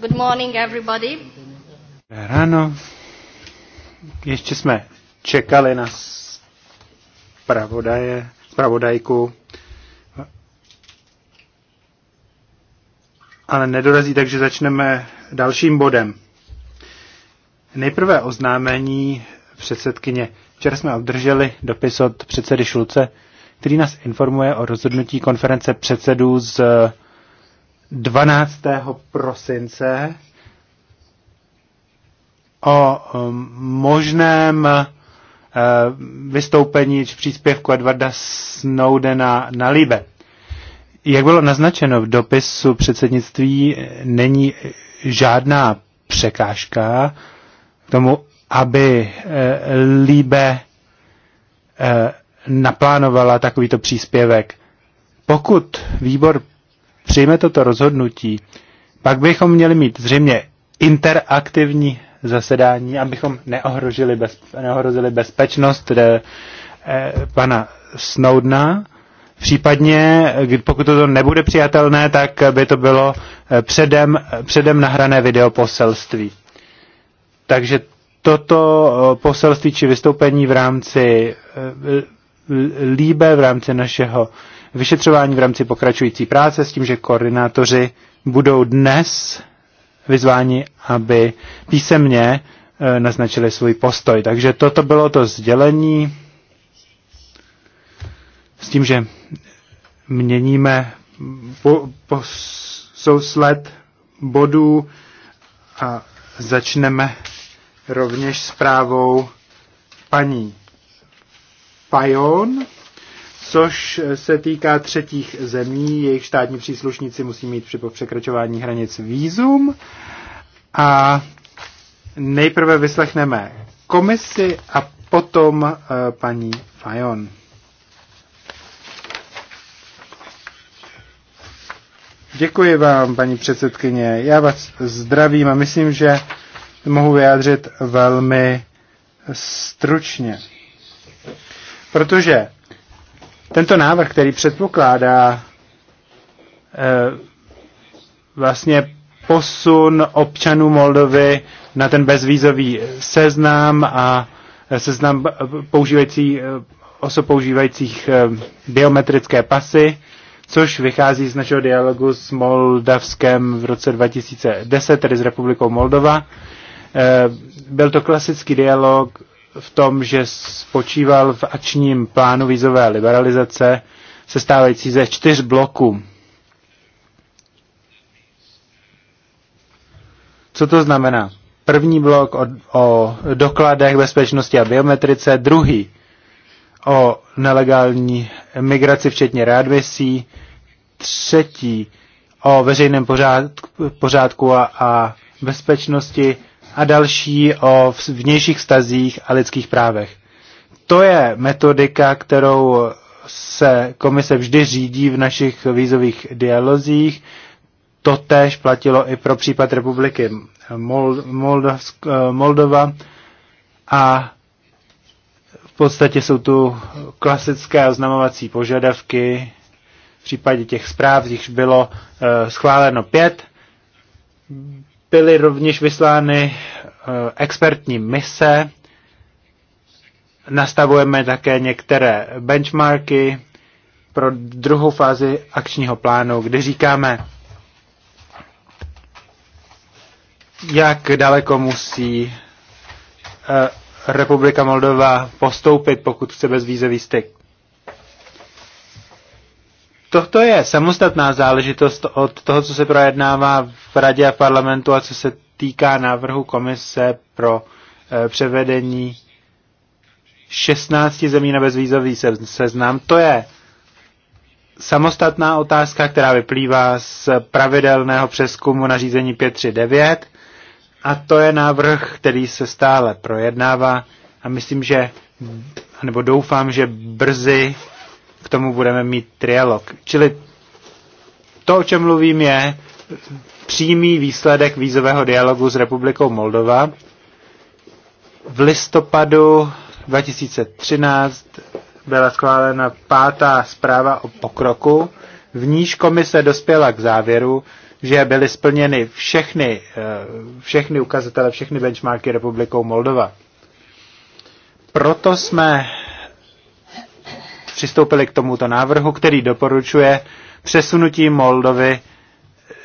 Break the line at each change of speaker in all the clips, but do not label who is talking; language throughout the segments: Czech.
Good morning everybody.
Ráno. Ještě jsme čekali na zpravodaje, zpravodajku, ale nedorazí, takže začneme dalším bodem. Nejprve oznámení předsedkyně. Včera jsme obdrželi dopis od předsedy Šulce, který nás informuje o rozhodnutí konference předsedů z 12. prosince o um, možném eh, vystoupení či příspěvku Edwarda Snowdena na Libe. Jak bylo naznačeno v dopisu předsednictví, není žádná překážka k tomu, aby eh, Líbe eh, naplánovala takovýto příspěvek. Pokud výbor přijme toto rozhodnutí, pak bychom měli mít zřejmě interaktivní zasedání, abychom neohrožili, bez, neohrozili bezpečnost de, e, eh, pana Snowdna. Případně, eh, pokud to nebude přijatelné, tak by to bylo eh, předem, předem nahrané videoposelství. Takže toto poselství či vystoupení v rámci líbe, v rámci našeho vyšetřování v rámci pokračující práce s tím, že koordinátoři budou dnes vyzváni, aby písemně e, naznačili svůj postoj. Takže toto bylo to sdělení s tím, že měníme po, po sousled bodů a začneme rovněž zprávou paní Pajon což se týká třetích zemí, jejich státní příslušníci musí mít při překračování hranic výzum. A nejprve vyslechneme komisi a potom eh, paní Fajon. Děkuji vám, paní předsedkyně. Já vás zdravím a myslím, že mohu vyjádřit velmi stručně. Protože tento návrh, který předpokládá eh, vlastně posun občanů Moldovy na ten bezvízový seznam a eh, seznam eh, používající, osob používajících biometrické pasy, což vychází z našeho dialogu s Moldavskem v roce 2010, tedy s Republikou Moldova. Byl to klasický dialog v tom, že spočíval v ačním plánu vízové liberalizace, sestávající ze čtyř bloků. Co to znamená? První blok o, o dokladech bezpečnosti a biometrice, druhý o nelegální migraci, včetně readmisí, třetí o veřejném pořádku, pořádku a, a bezpečnosti a další o vnějších stazích a lidských právech. To je metodika, kterou se komise vždy řídí v našich vízových dialozích. To též platilo i pro případ republiky eh, Moldova. A v podstatě jsou tu klasické oznamovací požadavky. V případě těch zpráv, jichž bylo eh, schváleno pět, Byly rovněž vyslány eh, expertní mise, nastavujeme také některé benchmarky pro druhou fázi akčního plánu, kdy říkáme, jak daleko musí eh, Republika Moldova postoupit, pokud chce bezvízový styk. Toto je samostatná záležitost od toho, co se projednává v radě a parlamentu a co se týká návrhu komise pro e, převedení 16 zemí na se, seznam. To je samostatná otázka, která vyplývá z pravidelného přeskumu řízení 539 a to je návrh, který se stále projednává a myslím, že, nebo doufám, že brzy k tomu budeme mít trialog. Čili to, o čem mluvím, je přímý výsledek vízového dialogu s Republikou Moldova. V listopadu 2013 byla schválena pátá zpráva o pokroku, v níž komise dospěla k závěru, že byly splněny všechny, eh, všechny ukazatele, všechny benchmarky Republikou Moldova. Proto jsme přistoupili k tomuto návrhu, který doporučuje přesunutí Moldovy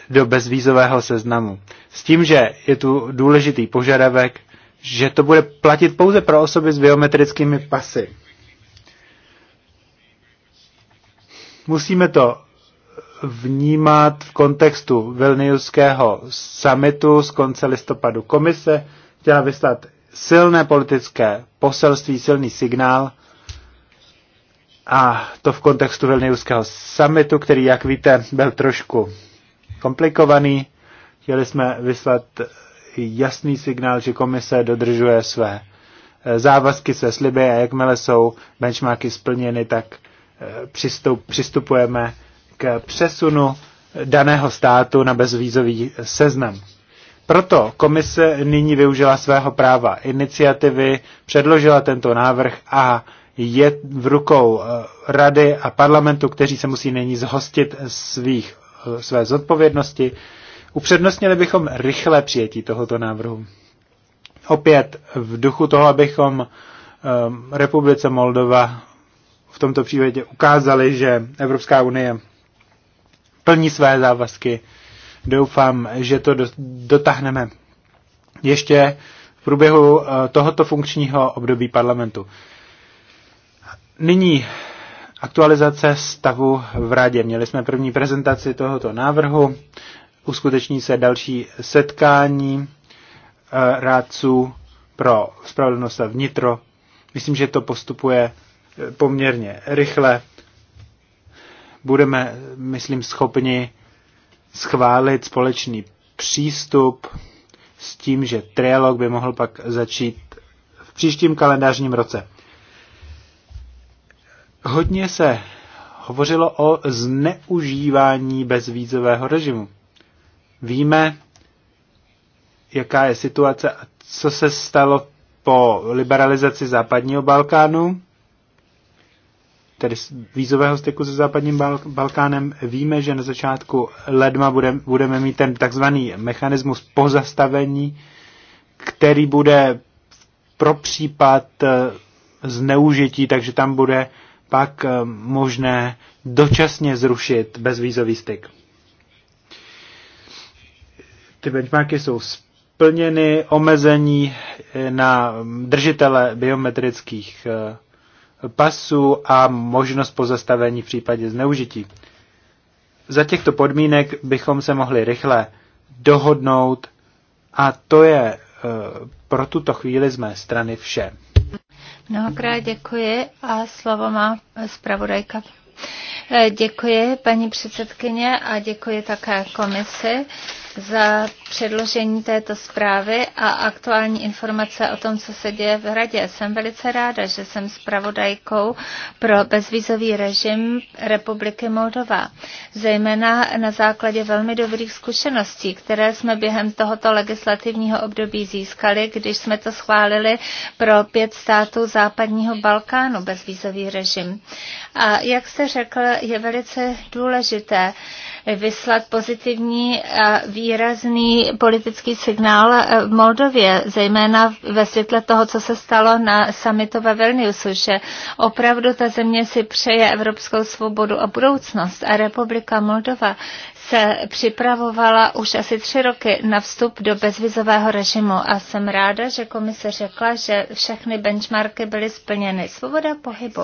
do bezvízového seznamu. S tím, že je tu důležitý požadavek, že to bude platit pouze pro osoby s biometrickými pasy. Musíme to vnímat v kontextu Vilniuského summitu z konce listopadu. Komise chtěla vyslat silné politické poselství, silný signál, a to v kontextu Vilniuského summitu, který, jak víte, byl trošku komplikovaný. Chtěli jsme vyslat jasný signál, že komise dodržuje své eh, závazky, své sliby a jakmile jsou benchmarky splněny, tak eh, přistup, přistupujeme k přesunu daného státu na bezvízový seznam. Proto komise nyní využila svého práva iniciativy, předložila tento návrh a je v rukou eh, rady a parlamentu, kteří se musí nyní zhostit svých, eh, své zodpovědnosti. Upřednostnili bychom rychlé přijetí tohoto návrhu. Opět v duchu toho, abychom eh, Republice Moldova v tomto případě ukázali, že Evropská unie plní své závazky. Doufám, že to dotáhneme ještě v průběhu tohoto funkčního období parlamentu. Nyní aktualizace stavu v radě. Měli jsme první prezentaci tohoto návrhu, uskuteční se další setkání eh, rádců pro spravedlnost a vnitro. Myslím, že to postupuje eh, poměrně rychle. Budeme, myslím, schopni schválit společný přístup s tím, že trialog by mohl pak začít v příštím kalendářním roce. Hodně se hovořilo o zneužívání bezvízového režimu. Víme, jaká je situace a co se stalo po liberalizaci západního Balkánu, tedy vízového styku se západním Balkánem. Víme, že na začátku ledna budeme, budeme mít ten takzvaný mechanismus pozastavení, který bude pro případ eh, zneužití, takže tam bude pak eh, možné dočasně zrušit bezvízový styk. Ty benchmarky jsou splněny omezení eh, na držitele biometrických eh, pasů a možnost pozastavení v případě zneužití. Za těchto podmínek bychom se mohli rychle dohodnout a to je pro tuto chvíli z mé strany vše.
Mnohokrát děkuji a slovo má zpravodajka. Eh, děkuji paní předsedkyně a děkuji také komisi za předložení této zprávy a aktuální informace o tom, co se děje v Radě. Jsem velice ráda, že jsem zpravodajkou pro bezvízový režim Republiky Moldova, zejména na základě velmi dobrých zkušeností, které jsme během tohoto legislativního období získali, když jsme to schválili pro pět států západního Balkánu bezvízový režim. A jak jste řekl, je velice důležité, vyslat pozitivní a výrazný politický signál v eh, Moldově, zejména ve světle toho, co se stalo na summitu ve Vilniusu, že opravdu ta země si přeje evropskou svobodu a budoucnost a Republika Moldova se připravovala už asi tři roky na vstup do bezvizového režimu a jsem ráda, že komise řekla, že všechny benchmarky byly splněny. Svoboda pohybu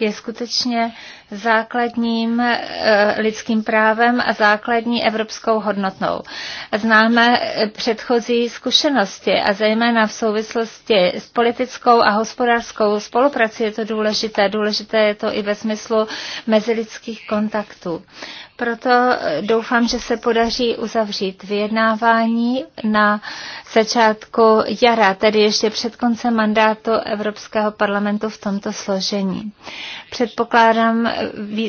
je skutečně základním eh, lidským právem a základní evropskou hodnotou. Známe eh, předchozí zkušenosti a zejména v souvislosti s politickou a hospodářskou spoluprací je to důležité. Důležité je to i ve smyslu mezilidských kontaktů. Proto eh, doufám, že se podaří uzavřít vyjednávání na začátku jara, tedy ještě před koncem mandátu Evropského parlamentu v tomto složení. Předpokládám,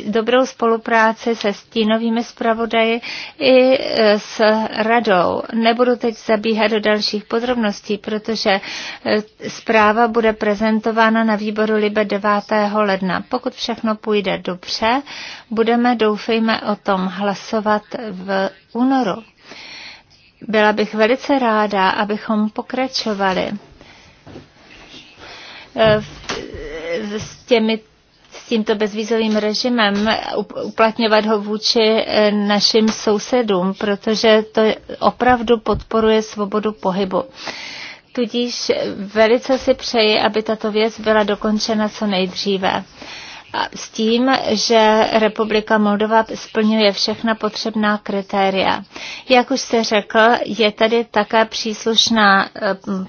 dobrou spolupráci se stínovými zpravodaji i e, s radou. Nebudu teď zabíhat do dalších podrobností, protože e, zpráva bude prezentována na výboru Libe 9. ledna. Pokud všechno půjde dobře, budeme, doufejme, o tom hlasovat v únoru. Byla bych velice ráda, abychom pokračovali e, s těmi s tímto bezvízovým režimem, uplatňovat ho vůči eh, našim sousedům, protože to opravdu podporuje svobodu pohybu. Tudíž velice si přeji, aby tato věc byla dokončena co nejdříve s tím, že Republika Moldova splňuje všechna potřebná kritéria. Jak už se řekl, je tady také příslušná eh,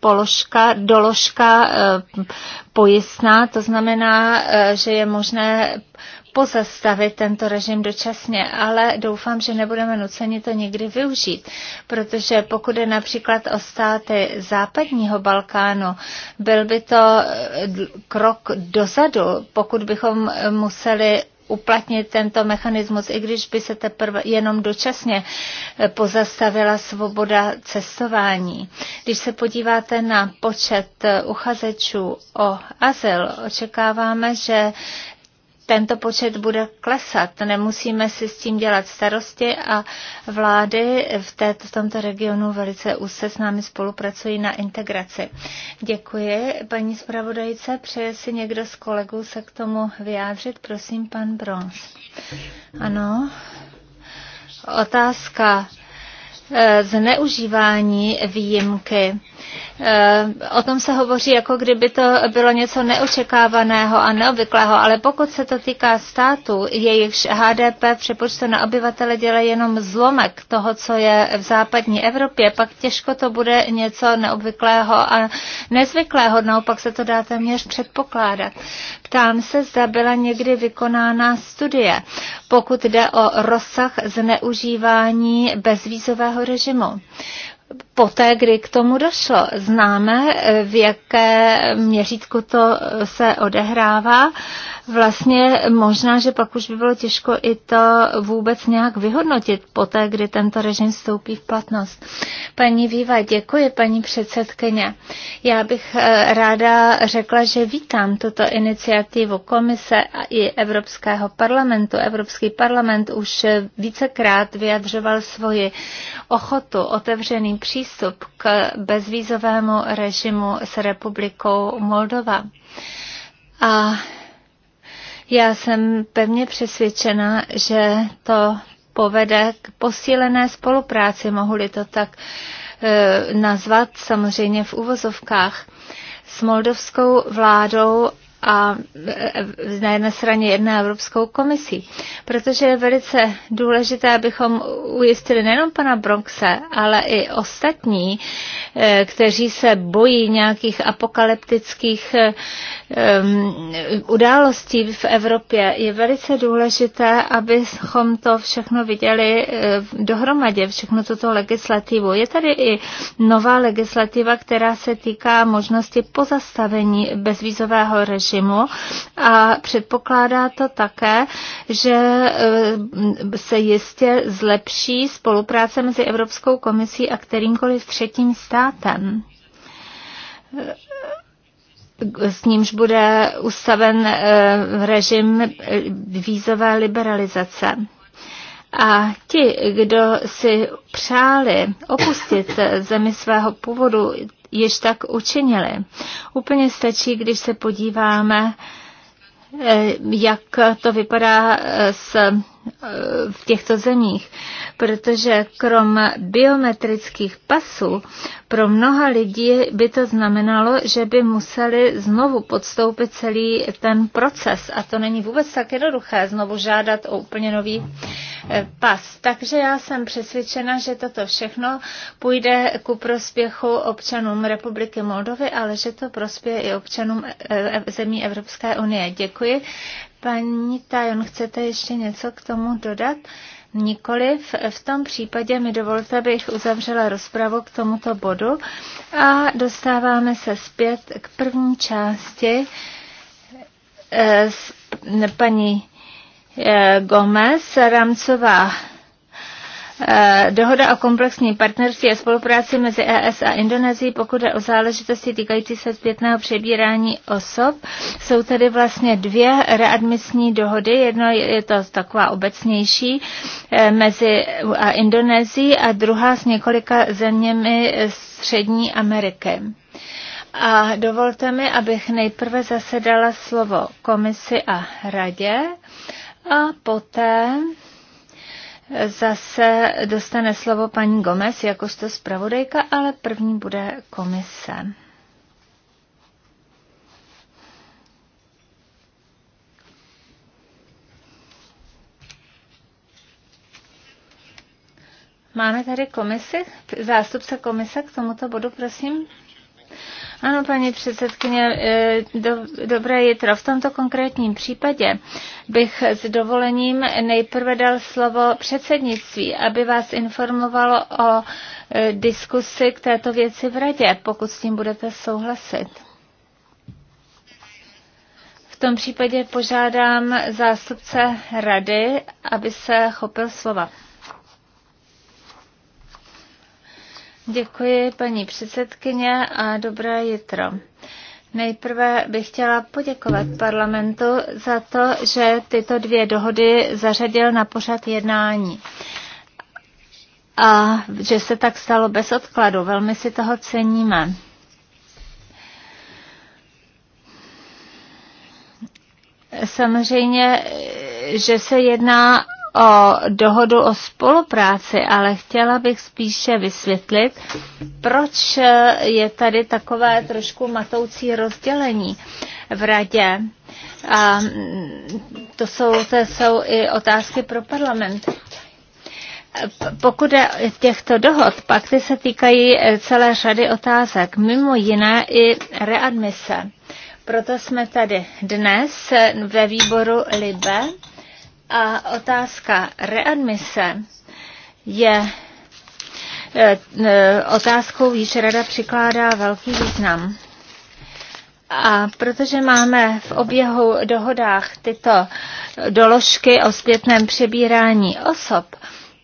položka, doložka eh, pojistná, to znamená, eh, že je možné pozastavit tento režim dočasně, ale doufám, že nebudeme nuceni to někdy využít, protože pokud je například o státy západního Balkánu, byl by to eh, krok dozadu, pokud bychom museli uplatnit tento mechanismus, i když by se teprve jenom dočasně pozastavila svoboda cestování. Když se podíváte na počet uchazečů o azyl, očekáváme, že tento počet bude klesat. Nemusíme si s tím dělat starosti a vlády v, této, v tomto regionu velice úzce s námi spolupracují na integraci. Děkuji, paní zpravodajce. Přeje si někdo z kolegů se k tomu vyjádřit? Prosím, pan Bronz. Ano. Otázka eh, zneužívání výjimky Eh, o tom se hovoří, jako kdyby to bylo něco neočekávaného a neobvyklého, ale pokud se to týká státu, jejichž HDP přepočte na obyvatele dělá jenom zlomek toho, co je v západní Evropě, pak těžko to bude něco neobvyklého a nezvyklého, naopak se to dá téměř předpokládat. Ptám se, zda byla někdy vykonána studie, pokud jde o rozsah zneužívání bezvízového režimu poté, kdy k tomu došlo. Známe, v jaké měřítku to se odehrává. Vlastně možná, že pak už by bylo těžko i to vůbec nějak vyhodnotit poté, kdy tento režim vstoupí v platnost. Paní Víva, děkuji, paní předsedkyně. Já bych eh, ráda řekla, že vítám tuto iniciativu komise a i Evropského parlamentu. Evropský parlament už vícekrát vyjadřoval svoji ochotu otevřeným přístupem přístup k bezvízovému režimu s republikou Moldova. A já jsem pevně přesvědčena, že to povede k posílené spolupráci, mohu-li to tak e, nazvat samozřejmě v uvozovkách, s moldovskou vládou a na jedné straně jedné Evropskou komisí. Protože je velice důležité, abychom ujistili nejenom pana Bronxe, ale i ostatní, eh, kteří se bojí nějakých apokalyptických eh, Ehm, událostí v Evropě, je velice důležité, abychom to všechno viděli eh, dohromadě, všechno tuto legislativu. Je tady i nová legislativa, která se týká možnosti pozastavení bezvízového režimu a předpokládá to také, že eh, se jistě zlepší spolupráce mezi Evropskou komisí a kterýmkoliv třetím státem s nímž bude ustaven eh, režim eh, vízové liberalizace. A ti, kdo si přáli opustit zemi svého původu, již tak učinili. Úplně stačí, když se podíváme, eh, jak to vypadá s, v těchto zemích protože krom biometrických pasů pro mnoha lidí by to znamenalo, že by museli znovu podstoupit celý ten proces a to není vůbec tak jednoduché znovu žádat o úplně nový eh, pas. Takže já jsem přesvědčena, že toto všechno půjde ku prospěchu občanům Republiky Moldovy, ale že to prospěje i občanům eh, eh, zemí Evropské unie. Děkuji. Paní Tajon, chcete ještě něco k tomu dodat? Nikoliv, v tom případě mi dovolte, abych uzavřela rozpravu k tomuto bodu a dostáváme se zpět k první části eh, s paní eh, Gomez, rámcová Eh, dohoda o komplexní partnerství a spolupráci mezi ES a Indonésií, pokud je o záležitosti týkající se zpětného přebírání osob, jsou tady vlastně dvě readmisní dohody. Jedno je to taková obecnější eh, mezi a Indonésií a druhá s několika zeměmi Střední Ameriky. A dovolte mi, abych nejprve zasedala slovo komisi a radě a poté zase dostane slovo paní Gomez jakožto zpravodajka, ale první bude komise. Máme tady komisi, zástupce komise k tomuto bodu, prosím. Ano, paní předsedkyně, e, do, dobré jitro. V tomto konkrétním případě bych s dovolením nejprve dal slovo předsednictví, aby vás informovalo o e, diskusi k této věci v radě, pokud s tím budete souhlasit. V tom případě požádám zástupce rady, aby se chopil slova. Děkuji, paní předsedkyně, a dobré jitro. Nejprve bych chtěla poděkovat parlamentu za to, že tyto dvě dohody zařadil na pořad jednání a že se tak stalo bez odkladu. Velmi si toho ceníme. Samozřejmě, že se jedná o dohodu o spolupráci, ale chtěla bych spíše vysvětlit, proč je tady takové trošku matoucí rozdělení v radě. A mm, to jsou, to jsou i otázky pro parlament. Pokud je těchto dohod, pak ty se týkají celé řady otázek, mimo jiné i readmise. Proto jsme tady dnes ve výboru LIBE a otázka readmise je e, e, otázkou, již rada přikládá velký význam. A protože máme v oběhu dohodách tyto doložky o zpětném přebírání osob,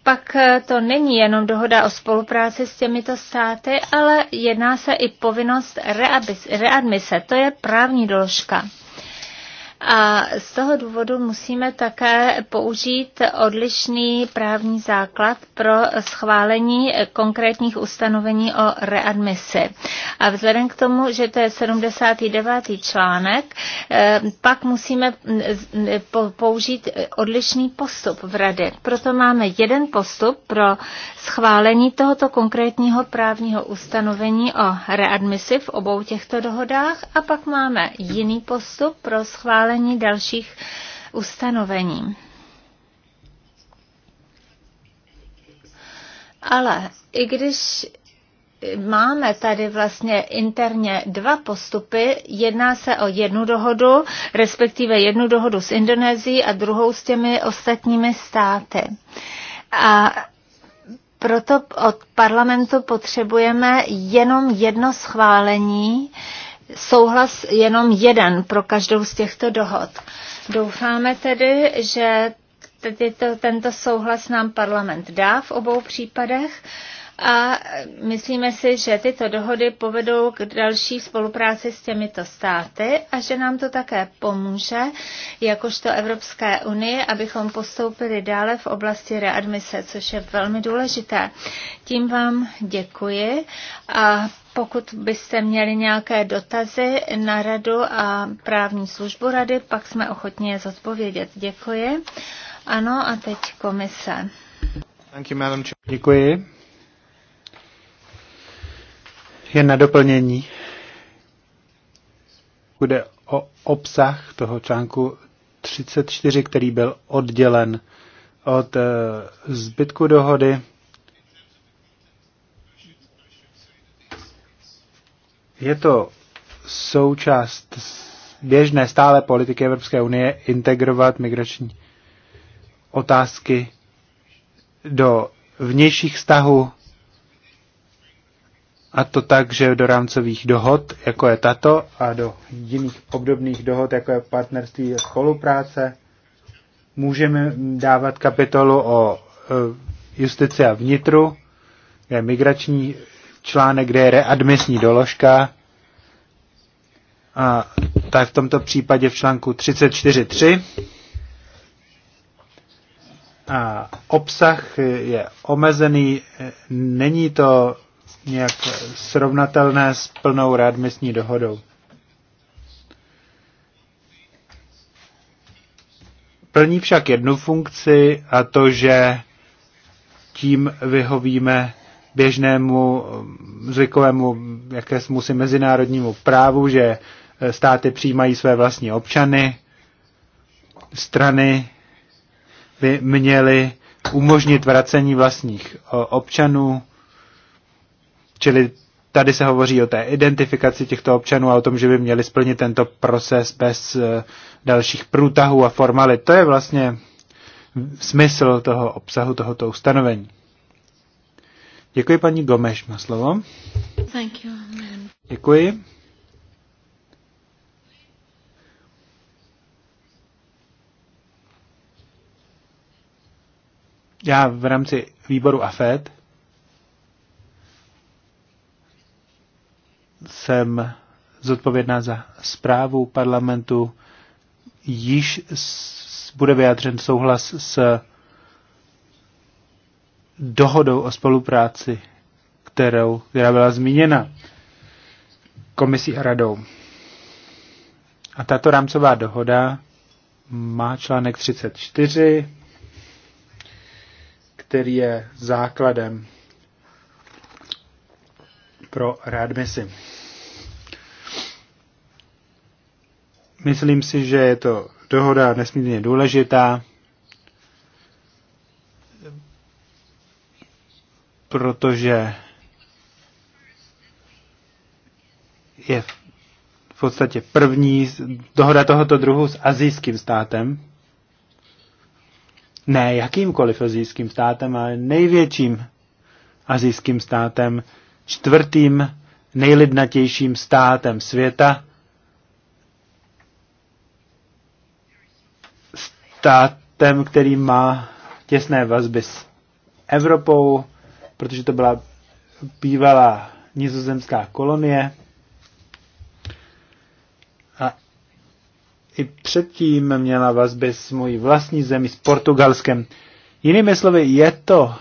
pak e, to není jenom dohoda o spolupráci s těmito státy, ale jedná se i povinnost readmise. To je právní doložka. A z toho důvodu musíme také použít odlišný právní základ pro schválení konkrétních ustanovení o readmisi. A vzhledem k tomu, že to je 79. článek, eh, pak musíme mm, eh, použít odlišný postup v Rady. Proto máme jeden postup pro schválení tohoto konkrétního právního ustanovení o readmisi v obou těchto dohodách a pak máme jiný postup pro schválení schválení dalších ustanovení. Ale i když máme tady vlastně interně dva postupy. Jedná se o jednu dohodu, respektive jednu dohodu s Indonésií a druhou s těmi ostatními státy. A proto od parlamentu potřebujeme jenom jedno schválení, souhlas jenom jeden pro každou z těchto dohod. Doufáme tedy, že to, tento souhlas nám parlament dá v obou případech a myslíme si, že tyto dohody povedou k další spolupráci s těmito státy a že nám to také pomůže, jakožto Evropské unie, abychom postoupili dále v oblasti readmise, což je velmi důležité. Tím vám děkuji a pokud byste měli nějaké dotazy na radu a právní službu rady, pak jsme ochotni je zodpovědět. Děkuji. Ano, a teď komise.
Thank you, madam. Děkuji jen na doplnění. Bude o obsah toho článku 34, který byl oddělen od eh, zbytku dohody. Je to součást běžné stále politiky Evropské unie integrovat migrační otázky do vnějších vztahů a to tak, že do rámcových dohod, jako je tato, a do jiných obdobných dohod, jako je partnerství a spolupráce, můžeme dávat kapitolu o e, justici a vnitru, kde je migrační článek, kde je readmisní doložka. A tak v tomto případě v článku 34.3. A obsah je omezený, není to nějak srovnatelné s plnou readmisní dohodou. Plní však jednu funkci a to, že tím vyhovíme běžnému zvykovému jakému si mezinárodnímu právu, že státy přijímají své vlastní občany, strany by měly umožnit vracení vlastních občanů Čili tady se hovoří o té identifikaci těchto občanů a o tom, že by měli splnit tento proces bez eh, dalších průtahů a formalit. To je vlastně smysl toho obsahu tohoto ustanovení. Děkuji paní Gomeš, má slovo. Thank you. Děkuji. Já v rámci výboru AFED jsem zodpovědná za zprávu parlamentu, již bude vyjádřen souhlas s dohodou o spolupráci, kterou, která byla zmíněna komisí a radou. A tato rámcová dohoda má článek 34, který je základem pro readmisi. Myslím si, že je to dohoda nesmírně důležitá, protože je v podstatě první dohoda tohoto druhu s azijským státem. Ne jakýmkoliv azijským státem, ale největším azijským státem, čtvrtým nejlidnatějším státem světa státem, který má těsné vazby s Evropou, protože to byla bývalá nizozemská kolonie. A i předtím měla vazby s mojí vlastní zemí, s Portugalskem. Jinými slovy, je to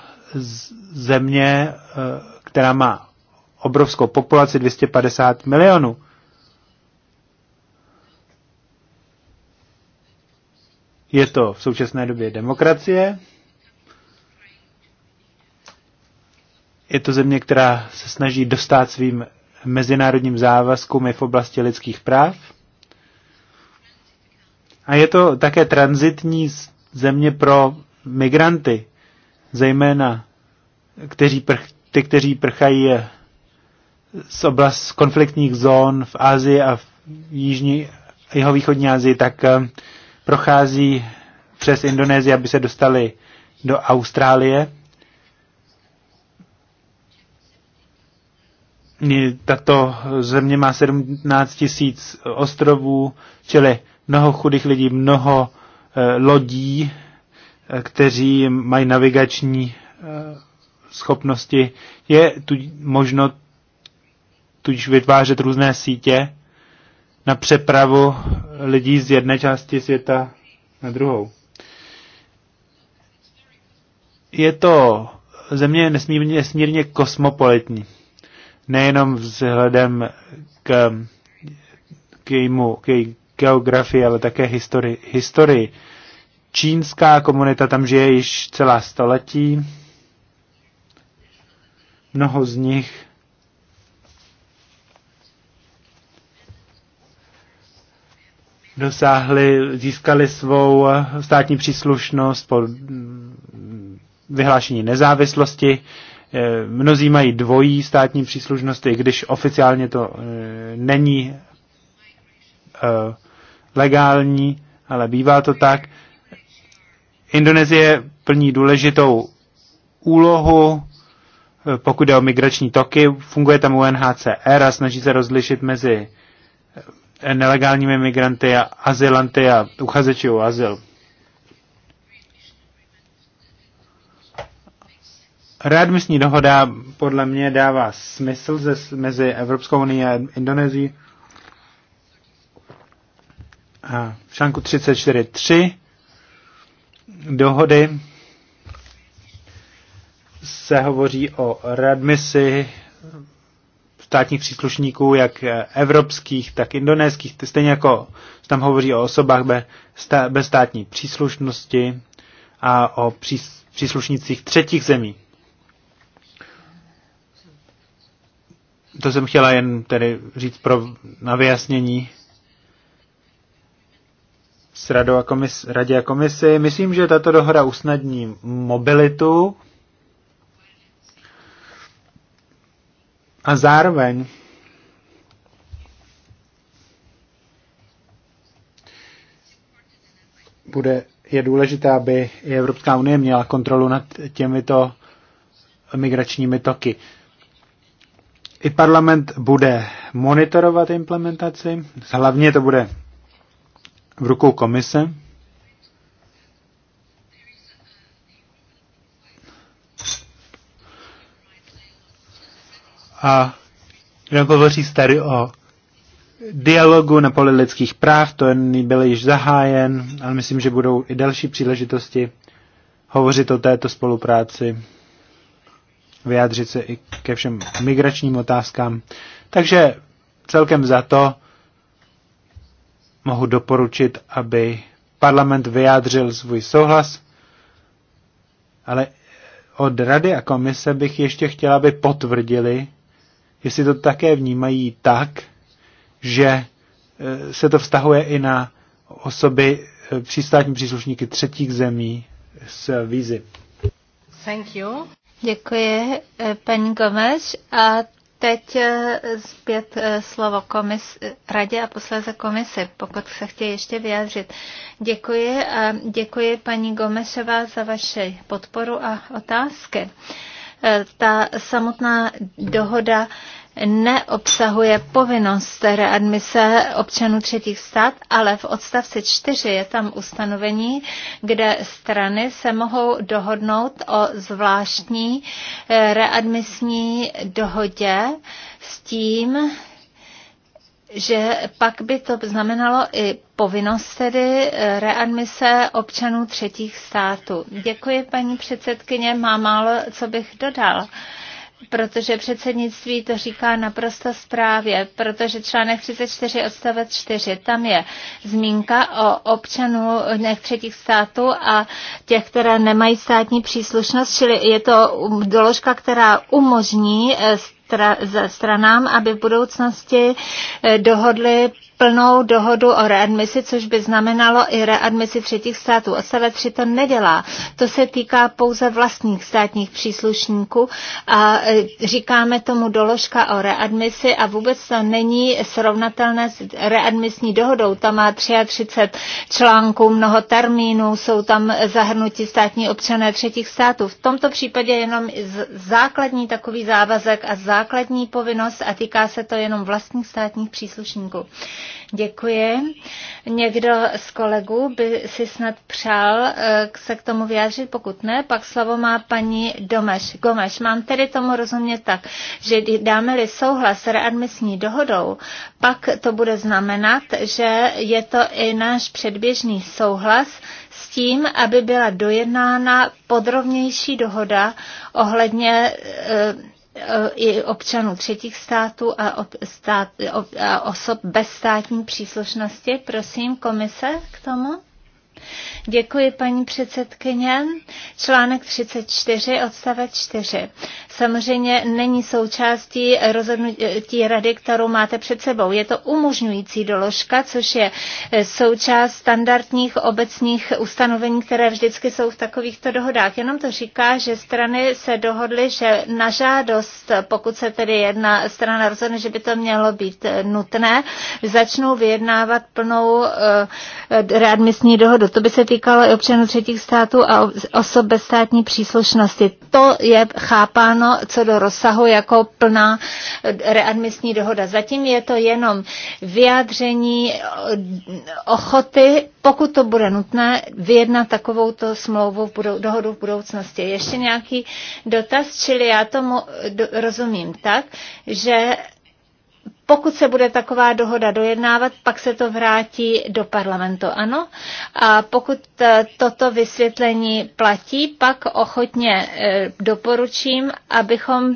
země, eh, která má obrovskou populaci 250 milionů. Je to v současné době demokracie. Je to země, která se snaží dostat svým mezinárodním závazkům i v oblasti lidských práv. A je to také transitní země pro migranty, zejména kteří prch, ty, kteří prchají z oblast konfliktních zón v Asii a v jižní, východní Asii, tak eh, prochází přes Indonésii, aby se dostali do Austrálie. Tato země má 17 tisíc ostrovů, čili mnoho chudých lidí, mnoho eh, lodí, eh, kteří mají navigační eh, schopnosti. Je tu možno tudíž vytvářet různé sítě, na přepravu lidí z jedné části světa na druhou. Je to země nesmírně, nesmírně kosmopolitní. Nejenom vzhledem k, k, jejímu, k její geografii, ale také historii. historii. Čínská komunita tam žije již celá století. Mnoho z nich dosáhli, získali svou eh, státní příslušnost po mm, vyhlášení nezávislosti. Eh, mnozí mají dvojí státní příslušnost, i když oficiálně to eh, není legální, ale bývá to tak. Indonésie plní důležitou úlohu, pokud jde o migrační toky. Funguje tam UNHCR a snaží se rozlišit mezi nelegálními migranty a azylanty a uchazeči o azyl. Readmisní dohoda podle mě dává smysl ze, mezi Evropskou unii a Indonésií. A v článku 34.3 dohody se hovoří o readmisi státních příslušníků, jak eh, evropských, tak indonéských, stejně jako tam hovoří o osobách bez státní příslušnosti a o příslušnících třetích zemí. To jsem chtěla jen tedy říct pro na vyjasnění s radou a komis, radě a komisi. Myslím, že tato dohoda usnadní mobilitu A zároveň bude, je důležité, aby i Evropská unie měla kontrolu nad těmito migračními toky. I parlament bude monitorovat implementaci, hlavně to bude v rukou komise, A Jean hovoří tady o dialogu na poli lidských práv, to byl již zahájen, ale myslím, že budou i další příležitosti hovořit o této spolupráci, vyjádřit se i ke všem migračním otázkám. Takže celkem za to mohu doporučit, aby parlament vyjádřil svůj souhlas, ale od rady a komise bych ještě chtěla, aby potvrdili jestli to také vnímají tak, že e, se to vztahuje i na osoby e, přístátní příslušníky třetích zemí s vízy.
Thank you. Děkuji, e, paní Gomez. A teď zpět slovo komis, radě a posléze komise, pokud se chtějí ještě vyjádřit. Děkuji a děkuji paní Gomešová za vaši podporu a otázky. Eh, ta samotná dohoda neobsahuje povinnost readmise občanů třetích stát, ale v odstavci 4 je tam ustanovení, kde strany se mohou dohodnout o zvláštní eh, readmisní dohodě s tím, že pak by to znamenalo i povinnost tedy eh, readmise občanů třetích států. Děkuji, paní předsedkyně, má málo, co bych dodal protože předsednictví to říká naprosto správně, protože článek 34 odstavec 4, tam je zmínka o občanů třetích států a těch, které nemají státní příslušnost, čili je to doložka, která umožní eh, stranám, aby v budoucnosti eh, dohodly plnou dohodu o readmisi, což by znamenalo i readmisi třetích států. ostatně 3 to nedělá. To se týká pouze vlastních státních příslušníků a e, říkáme tomu doložka o readmisi a vůbec to není srovnatelné s readmisní dohodou. Tam má 33 článků, mnoho termínů, jsou tam zahrnuti státní občané třetích států. V tomto případě jenom základní takový závazek a základní povinnost a týká se to jenom vlastních státních příslušníků. Děkuji. Někdo z kolegů by si snad přál eh, se k tomu vyjádřit, pokud ne, pak slovo má paní Domeš. Gomeš, mám tedy tomu rozumět tak, že dáme-li souhlas s readmisní dohodou, pak to bude znamenat, že je to i náš předběžný souhlas s tím, aby byla dojednána podrobnější dohoda ohledně eh, i občanů třetích států a, ob, stát, ob, a osob bez státní příslušnosti. Prosím, komise k tomu. Děkuji, paní předsedkyně. Článek 34, odstavec 4. Samozřejmě není součástí rozhodnutí rady, kterou máte před sebou. Je to umožňující doložka, což je součást standardních obecních ustanovení, které vždycky jsou v takovýchto dohodách. Jenom to říká, že strany se dohodly, že na žádost, pokud se tedy jedna strana rozhodne, že by to mělo být nutné, začnou vyjednávat plnou eh, readmisní dohodu. To by se týkalo i občanů třetích států a osob bez státní příslušnosti. To je chápáno co do rozsahu jako plná eh, readmisní dohoda. Zatím je to jenom vyjádření eh, ochoty, pokud to bude nutné, vyjednat takovouto smlouvu, dohodu v budoucnosti. Ještě nějaký dotaz, čili já tomu eh, rozumím tak, že pokud se bude taková dohoda dojednávat, pak se to vrátí do parlamentu, ano. A pokud e, toto vysvětlení platí, pak ochotně e, doporučím, abychom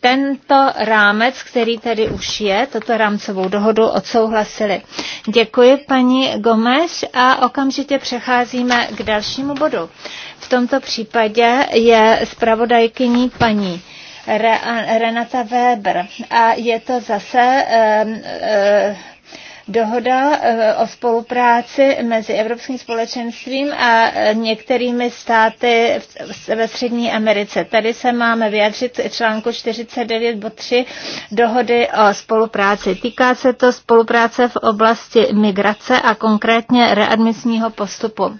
tento rámec, který tady už je, toto rámcovou dohodu odsouhlasili. Děkuji paní Gomes, a okamžitě přecházíme k dalšímu bodu. V tomto případě je zpravodajkyní paní Renata Weber. A je to zase dohoda o spolupráci mezi Evropským společenstvím a některými státy ve Střední Americe. Tady se máme vyjadřit článku 49 bod 3 dohody o spolupráci. Týká se to spolupráce v oblasti migrace a konkrétně readmisního postupu.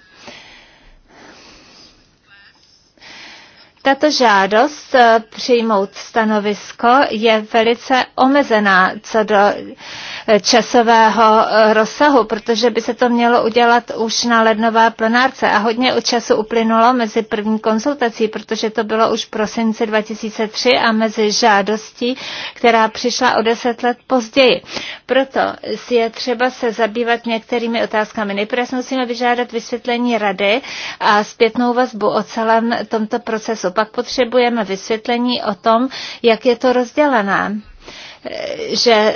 Tato žádost eh, přijmout stanovisko je velice omezená co do eh, časového eh, rozsahu, protože by se to mělo udělat už na lednové plenárce a hodně o času uplynulo mezi první konzultací, protože to bylo už v prosinci 2003 a mezi žádostí, která přišla o deset let později. Proto si je třeba se zabývat některými otázkami. Nejprve musíme vyžádat vysvětlení rady a zpětnou vazbu o celém tomto procesu procesu. Pak potřebujeme vysvětlení o tom, jak je to rozdělené že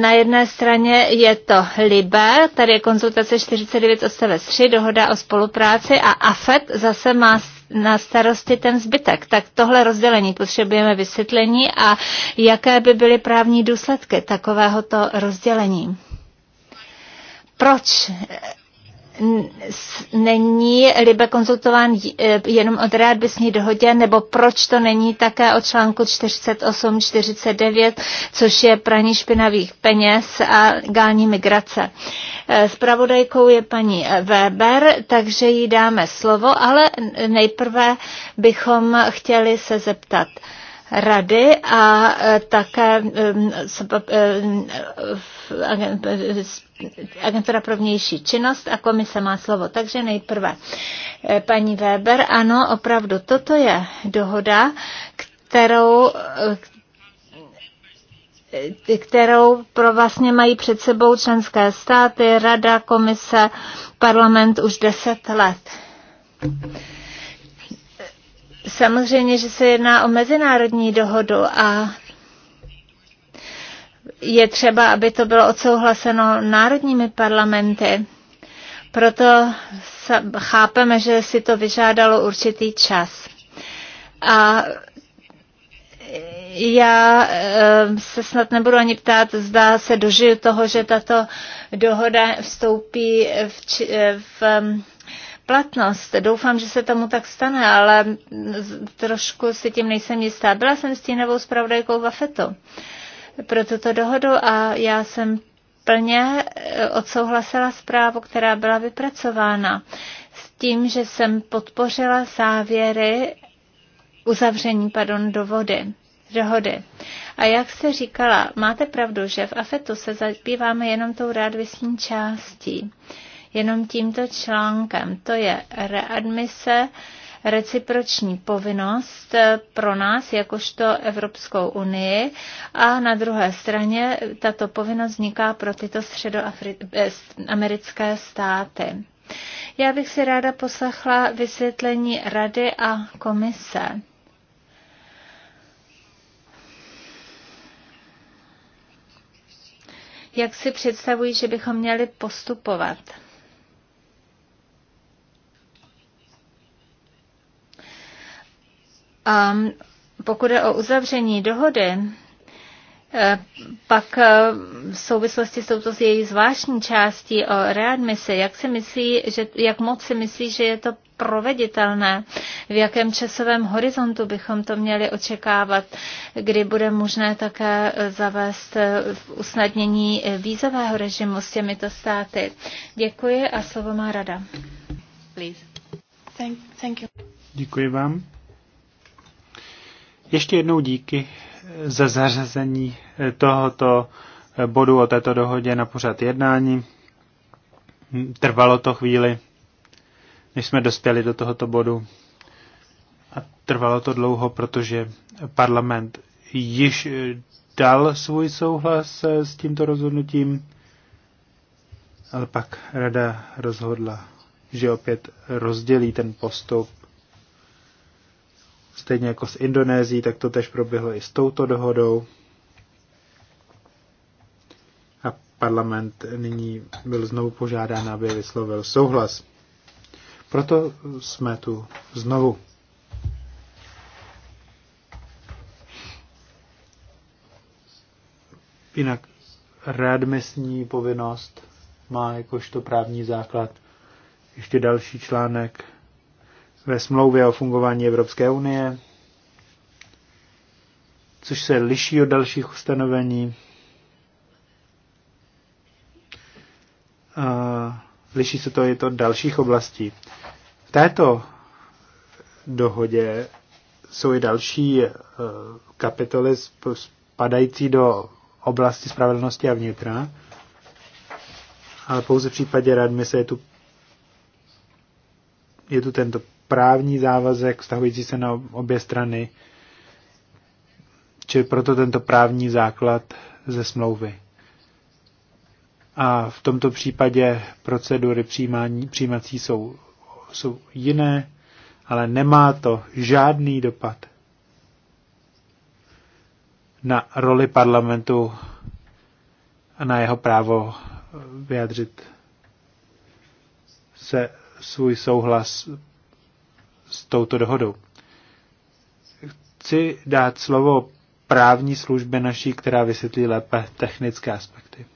na jedné straně je to LIBE, tady je konzultace 49 odstavec 3, dohoda o spolupráci a AFET zase má na starosti ten zbytek. Tak tohle rozdělení potřebujeme vysvětlení a jaké by byly právní důsledky takovéhoto rozdělení. Proč není Libe konzultován e, jenom od readmisní dohodě, nebo proč to není také o článku 48, 49, což je praní špinavých peněz a gální migrace. Spravodajkou e, je paní Weber, takže jí dáme slovo, ale nejprve bychom chtěli se zeptat rady a eh, také eh, agentura pro vnější činnost a komise má slovo. Takže nejprve eh, paní Weber, ano, opravdu toto je dohoda, kterou kterou pro vlastně mají před sebou členské státy, rada, komise, parlament už deset let. Samozřejmě, že se jedná o mezinárodní dohodu a je třeba, aby to bylo odsouhlaseno národními parlamenty. Proto chápeme, že si to vyžádalo určitý čas. A já eh, se snad nebudu ani ptát, zdá se dožiju toho, že tato dohoda vstoupí v, eh, v eh, platnost. Doufám, že se tomu tak stane, ale trošku si tím nejsem jistá. Byla jsem s stínovou zpravodajkou Vafeto pro tuto dohodu a já jsem plně e, odsouhlasila zprávu, která byla vypracována s tím, že jsem podpořila závěry uzavření pardon, do vody, dohody. A jak jste říkala, máte pravdu, že v AFETu se zabýváme jenom tou rádvisní částí. Uh, jenom tímto článkem. To je readmise, reciproční povinnost eh, pro nás, jakožto Evropskou unii, a na druhé straně tato povinnost vzniká pro tyto středoamerické eh, státy. Já bych si ráda poslechla vysvětlení Rady a komise. Jak si představují, že bychom měli postupovat? A pokud je o uzavření dohody, eh, pak eh, v souvislosti s touto s její zvláštní částí o readmisi, jak, si myslí, že, jak moc si myslí, že je to proveditelné, v jakém časovém horizontu bychom to měli očekávat, kdy bude možné také eh, zavést usnadnění vízového režimu s těmito státy. Děkuji a slovo má rada. Please. Thank, thank you.
Děkuji vám. Ještě jednou díky za zařazení tohoto bodu o této dohodě na pořad jednání. Trvalo to chvíli, než jsme dospěli do tohoto bodu. A trvalo to dlouho, protože parlament již dal svůj souhlas s tímto rozhodnutím, ale pak rada rozhodla, že opět rozdělí ten postup Stejně jako s Indonésií, tak to tež proběhlo i s touto dohodou. A parlament nyní byl znovu požádán, aby vyslovil souhlas. Proto jsme tu znovu. Jinak readmisní povinnost má jakožto právní základ ještě další článek ve smlouvě o fungování Evropské unie, což se liší od dalších ustanovení. liší se to i od dalších oblastí. V této dohodě jsou i další e, kapitoly spadající do oblasti spravedlnosti a vnitra, ale pouze v případě radmise je tu, je tu tento právní závazek vztahující se na obě strany, či proto tento právní základ ze smlouvy. A v tomto případě procedury přijímání, přijímací jsou, jsou jiné, ale nemá to žádný dopad na roli parlamentu a na jeho právo vyjádřit se svůj souhlas s touto dohodou. Chci dát slovo právní službě naší, která vysvětlí lépe technické aspekty.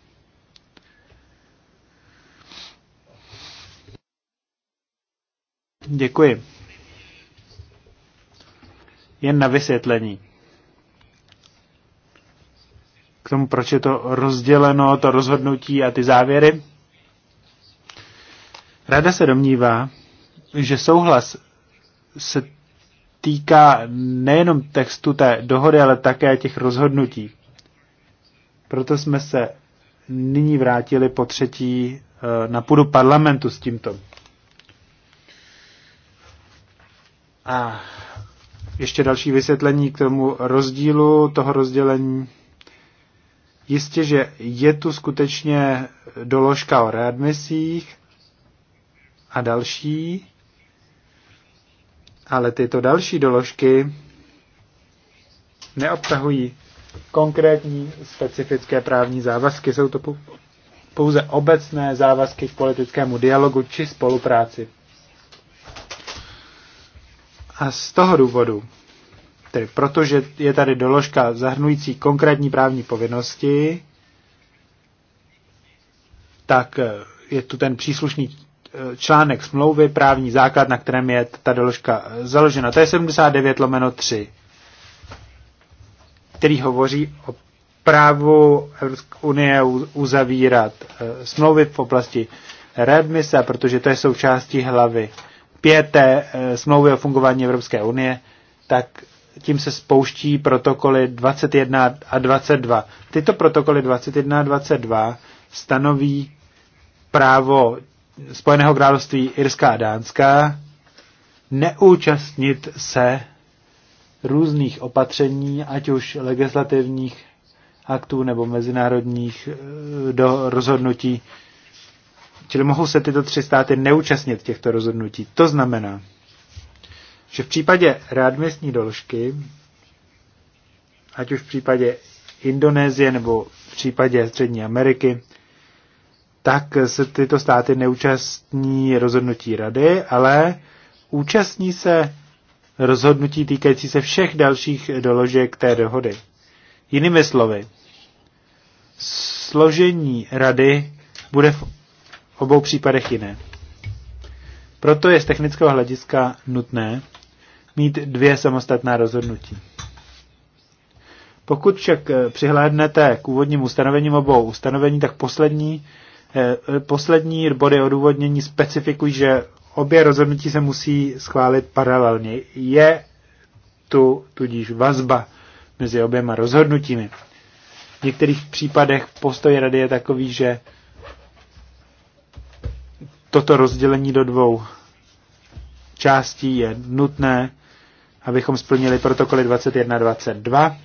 Děkuji. Jen na vysvětlení. K tomu, proč je to rozděleno, to rozhodnutí a ty závěry. Rada se domnívá, že souhlas se týká nejenom textu té dohody, ale také těch rozhodnutí. Proto jsme se nyní vrátili po třetí eh, na půdu parlamentu s tímto. A ještě další vysvětlení k tomu rozdílu toho rozdělení. Jistě, že je tu skutečně doložka o readmisích a další, ale tyto další doložky neobsahují konkrétní specifické právní závazky, jsou to pouze obecné závazky k politickému dialogu či spolupráci. A z toho důvodu, tedy protože je tady doložka zahrnující konkrétní právní povinnosti, tak je tu ten příslušný Eh, článek smlouvy, právní základ, na kterém je ta doložka eh, založena. To je 79 lomeno 3, který hovoří o právu Evropské unie uzavírat eh, smlouvy v oblasti readmise, protože to je součástí hlavy pěté smlouvy o fungování Evropské unie, tak tím se spouští protokoly 21 a 22. Tyto protokoly 21 a 22 stanoví právo Spojeného království irská, a Dánska neúčastnit se různých opatření, ať už legislativních aktů nebo mezinárodních eh, do rozhodnutí. Čili mohou se tyto tři státy neúčastnit těchto rozhodnutí. To znamená, že v případě readmisní doložky, ať už v případě Indonésie nebo v případě Střední Ameriky, tak se tyto státy neúčastní rozhodnutí rady, ale účastní se rozhodnutí týkající se všech dalších doložek té dohody. Jinými slovy, složení rady bude v obou případech jiné. Proto je z technického hlediska nutné mít dvě samostatná rozhodnutí. Pokud však přihlédnete k úvodním ustanovením obou ustanovení, tak poslední Eh, poslední body odůvodnění specifikují, že obě rozhodnutí se musí schválit paralelně. Je tu tudíž vazba mezi oběma rozhodnutími. V některých případech postoj rady je takový, že toto rozdělení do dvou částí je nutné, abychom splnili protokoly 21 a 22,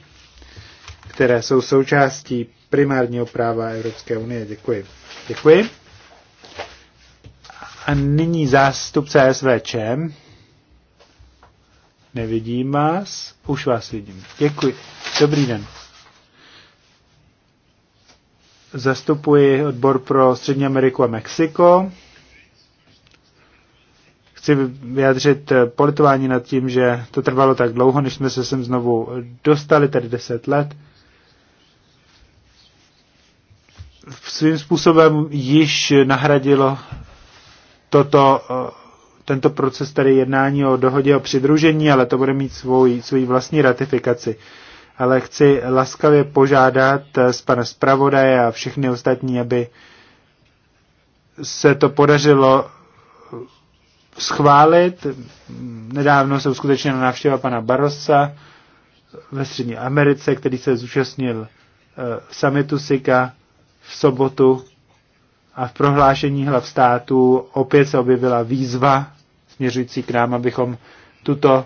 které jsou součástí primárního práva Evropské unie. Děkuji. Děkuji. A nyní zástupce SVČ. Nevidím vás. Už vás vidím. Děkuji. Dobrý den. Zastupuji odbor pro Střední Ameriku a Mexiko. Chci vyjádřit politování nad tím, že to trvalo tak dlouho, než jsme se sem znovu dostali, tedy 10 let. svým způsobem již nahradilo toto, eh, tento proces tady jednání o dohodě o přidružení, ale to bude mít svůj, svůj vlastní ratifikaci. Ale chci laskavě požádat eh, z pana zpravodaje a všechny ostatní, aby se to podařilo eh, schválit. Nedávno jsem skutečně na návštěva pana Barossa ve Střední Americe, který se zúčastnil summitu SICA v sobotu a v prohlášení hlav států opět se objevila výzva směřující k nám, abychom tuto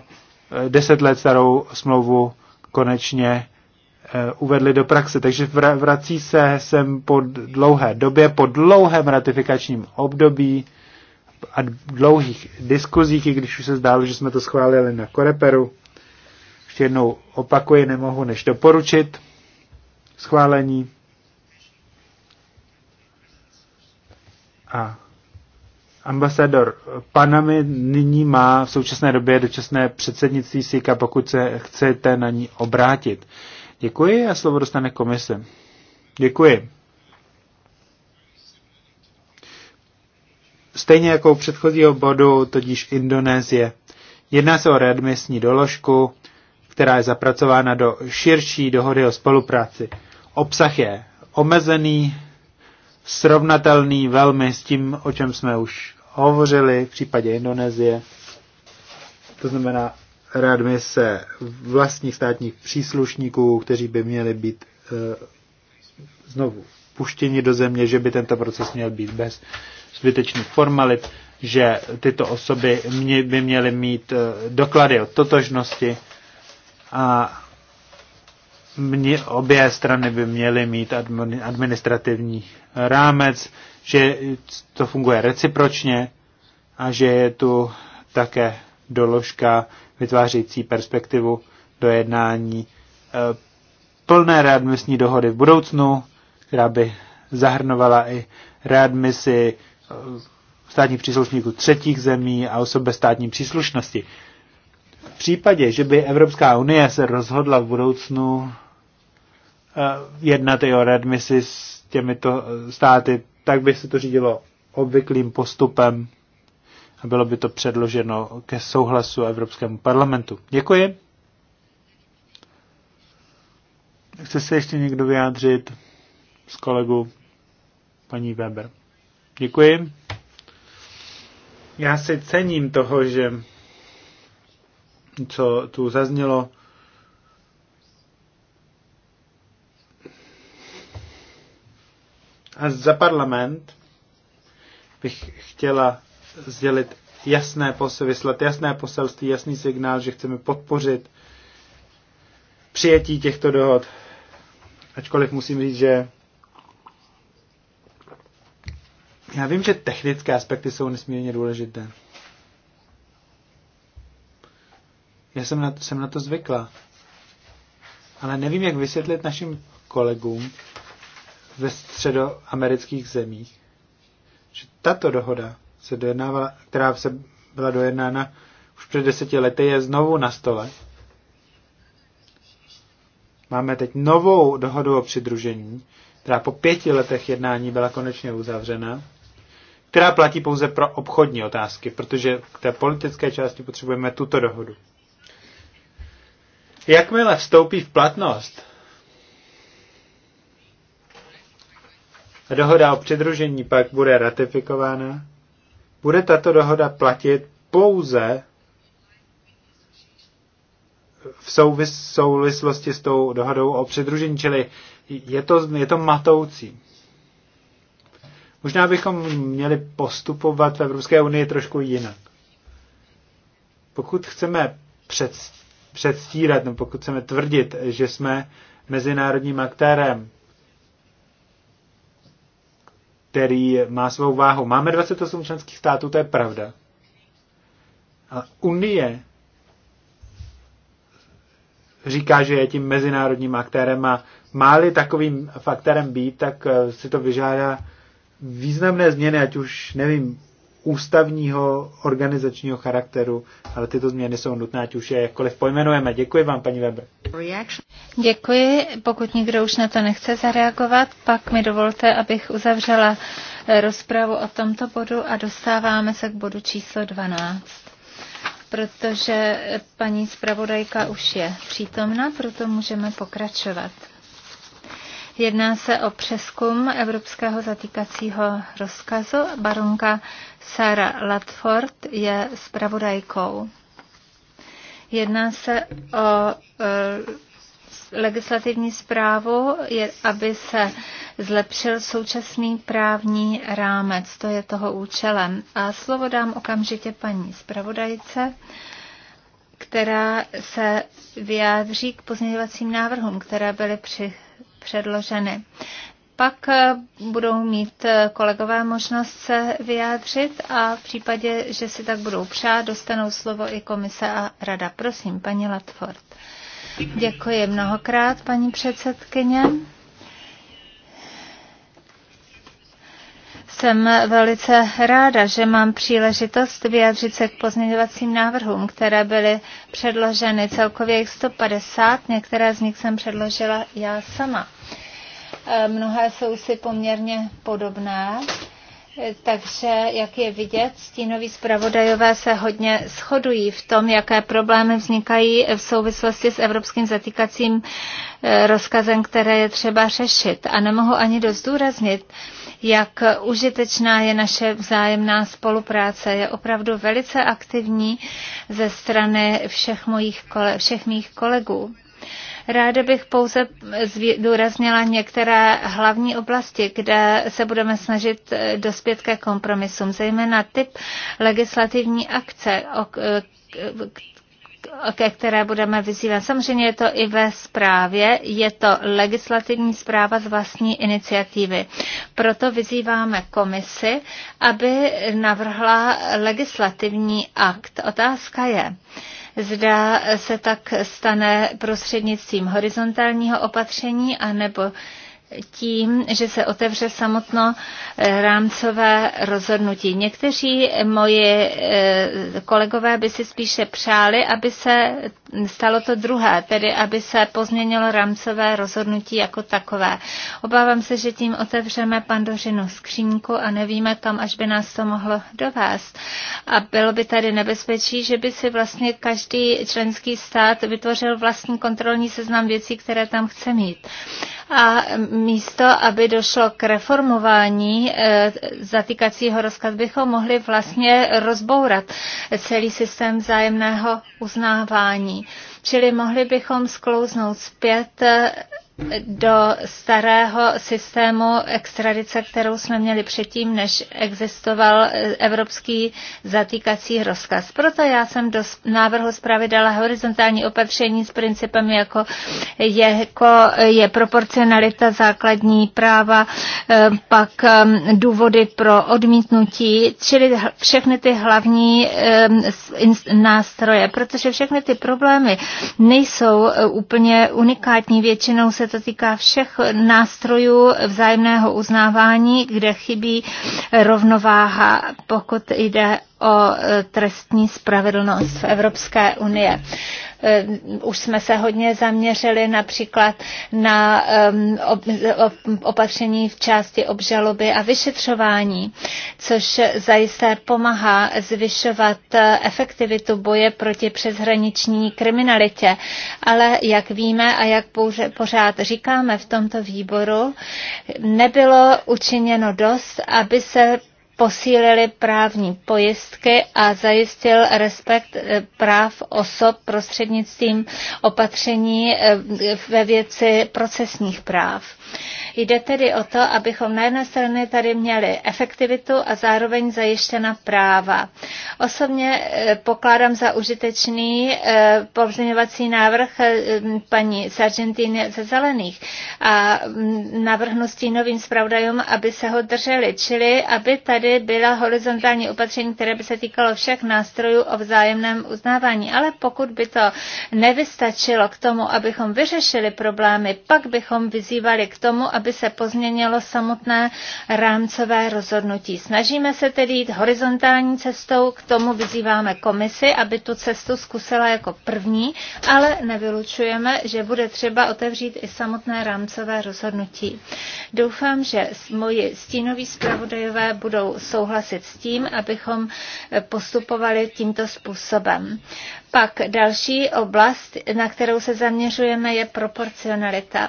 eh, deset let starou smlouvu konečně eh, uvedli do praxe. Takže vrací se sem po dlouhé době, po dlouhém ratifikačním období a dlouhých diskuzích, i když už se zdálo, že jsme to schválili na Koreperu. Ještě jednou opakuji, nemohu než doporučit schválení A ambasador Panamy nyní má v současné době dočasné předsednictví SIKA, pokud se chcete na ní obrátit. Děkuji a slovo dostane komise. Děkuji. Stejně jako u předchozího bodu, totiž Indonésie. Jedná se o readmisní doložku, která je zapracována do širší dohody o spolupráci. Obsah je omezený, srovnatelný velmi s tím, o čem jsme už hovořili v případě Indonésie. To znamená readmise vlastních státních příslušníků, kteří by měli být e, znovu puštěni do země, že by tento proces měl být bez zbytečných formalit, že tyto osoby mě, by měly mít e, doklady o totožnosti a mě, obě strany by měly mít administrativní rámec, že to funguje recipročně a že je tu také doložka vytvářející perspektivu do jednání e, plné readmisní dohody v budoucnu, která by zahrnovala i readmisy e, státních příslušníků třetích zemí a osob bez státní příslušnosti. V případě, že by Evropská unie se rozhodla v budoucnu eh, jednat i o readmisi s těmito státy, tak by se to řídilo obvyklým postupem a bylo by to předloženo ke souhlasu Evropskému parlamentu. Děkuji. Chce se ještě někdo vyjádřit s kolegu paní Weber? Děkuji. Já si cením toho, že co tu zaznělo. A za parlament bych chtěla sdělit jasné poselství, vyslat jasné poselství, jasný signál, že chceme podpořit přijetí těchto dohod. Ačkoliv musím říct, že já vím, že technické aspekty jsou nesmírně důležité. Já jsem na, jsem na to zvykla. Ale nevím, jak vysvětlit našim kolegům ve středoamerických zemích, že tato dohoda, se dojednávala, která se byla dojednána už před deseti lety, je znovu na stole. Máme teď novou dohodu o přidružení, která po pěti letech jednání byla konečně uzavřena, která platí pouze pro obchodní otázky, protože k té politické části potřebujeme tuto dohodu. Jakmile vstoupí v platnost dohoda o přidružení pak bude ratifikována, bude tato dohoda platit pouze v souvis, souvislosti s tou dohodou o přidružení, čili je to, je to matoucí. Možná bychom měli postupovat v Evropské unii trošku jinak. Pokud chceme před, předstírat, nebo pokud chceme tvrdit, že jsme mezinárodním aktérem, který má svou váhu. Máme 28 členských států, to je pravda. A Unie říká, že je tím mezinárodním aktérem a má-li takovým faktorem být, tak eh, si to vyžádá významné změny, ať už, nevím, ústavního organizačního charakteru, ale tyto změny jsou nutné, ať už je jakkoliv pojmenujeme. Děkuji vám, paní Weber.
Děkuji. Pokud nikdo už na to nechce zareagovat, pak mi dovolte, abych uzavřela eh, rozpravu o tomto bodu a dostáváme se k bodu číslo 12 protože eh, paní zpravodajka už je přítomna, proto můžeme pokračovat. Jedná se o přeskum Evropského zatýkacího rozkazu. Baronka Sara Latford je zpravodajkou. Jedná se o e, legislativní zprávu, je, aby se zlepšil současný právní rámec. To je toho účelem. A slovo dám okamžitě paní zpravodajce, která se vyjádří k pozměňovacím návrhům, které byly při předloženy. Pak eh, budou mít eh, kolegové možnost se vyjádřit a v případě, že si tak budou přát, dostanou slovo i komise a rada. Prosím, paní Latford. Děkuji mnohokrát, paní předsedkyně. Jsem velice ráda, že mám příležitost vyjádřit se k pozměňovacím návrhům, které byly předloženy. Celkově jich 150, některé z nich jsem předložila já sama. E, mnohé jsou si poměrně podobné, e, takže jak je vidět, stínoví zpravodajové se hodně shodují v tom, jaké problémy vznikají v souvislosti s evropským zatýkacím e, rozkazem, které je třeba řešit. A nemohu ani dost důraznit jak užitečná je naše vzájemná spolupráce. Je opravdu velice aktivní ze strany všech, mojich, všech mých kolegů. Ráda bych pouze důraznila některé hlavní oblasti, kde se budeme snažit eh, dospět ke kompromisům, zejména typ legislativní akce, ke které budeme vyzývat. Samozřejmě je to i ve zprávě, je to legislativní zpráva z vlastní iniciativy. Proto vyzýváme komisi, aby navrhla legislativní akt. Otázka je, zda se tak stane prostřednictvím horizontálního opatření anebo nebo tím, že se otevře samotno eh, rámcové rozhodnutí. Někteří moji eh, kolegové by si spíše přáli, aby se stalo to druhé, tedy aby se pozměnilo rámcové rozhodnutí jako takové. Obávám se, že tím otevřeme pandořinu skřínku a nevíme, kam až by nás to mohlo dovést. A bylo by tady nebezpečí, že by si vlastně každý členský stát vytvořil vlastní kontrolní seznam věcí, které tam chce mít. A místo, aby došlo k reformování eh, zatýkacího rozkaz, bychom mohli vlastně rozbourat celý systém vzájemného uznávání. Čili mohli bychom sklouznout zpět do starého systému extradice, kterou jsme měli předtím, než existoval eh, evropský zatýkací rozkaz. Proto já jsem do návrhu zprávy dala horizontální opatření s principem, jako je, jako je proporcionalita základní práva, eh, pak ehm, důvody pro odmítnutí, čili všechny ty hlavní ehm, nástroje, protože všechny ty problémy nejsou eh, úplně unikátní, většinou se to týká všech nástrojů vzájemného uznávání, kde chybí rovnováha, pokud jde o e, trestní spravedlnost v Evropské unie. Už jsme se hodně zaměřili například na opatření v části obžaloby a vyšetřování, což zajisté pomáhá zvyšovat e, efektivitu boje proti přeshraniční kriminalitě. Ale jak víme a jak pořád říkáme v tomto výboru, nebylo učiněno dost, aby se posílili právní pojistky a zajistil respekt eh, práv osob prostřednictvím opatření eh, ve věci procesních práv. Jde tedy o to, abychom na jedné straně tady měli efektivitu a zároveň zajištěna práva. Osobně eh, pokládám za užitečný povzměňovací návrh paní Sargentiny ze Zelených a mm, navrhnu s tím novým zpravodajům, aby se ho drželi, čili aby tady byla horizontální opatření, které by se týkalo všech nástrojů o vzájemném uznávání. Ale pokud by to nevystačilo k tomu, abychom vyřešili problémy, pak bychom vyzývali k tomu, aby se pozměnilo samotné rámcové rozhodnutí. Snažíme se tedy jít horizontální cestou, k tomu vyzýváme komisi, aby tu cestu zkusila jako první, ale nevylučujeme, že bude třeba otevřít i samotné rámcové rozhodnutí. Doufám, že moji stínoví zpravodajové budou souhlasit s tím, abychom postupovali tímto způsobem. Pak další oblast, na kterou se zaměřujeme, je proporcionalita.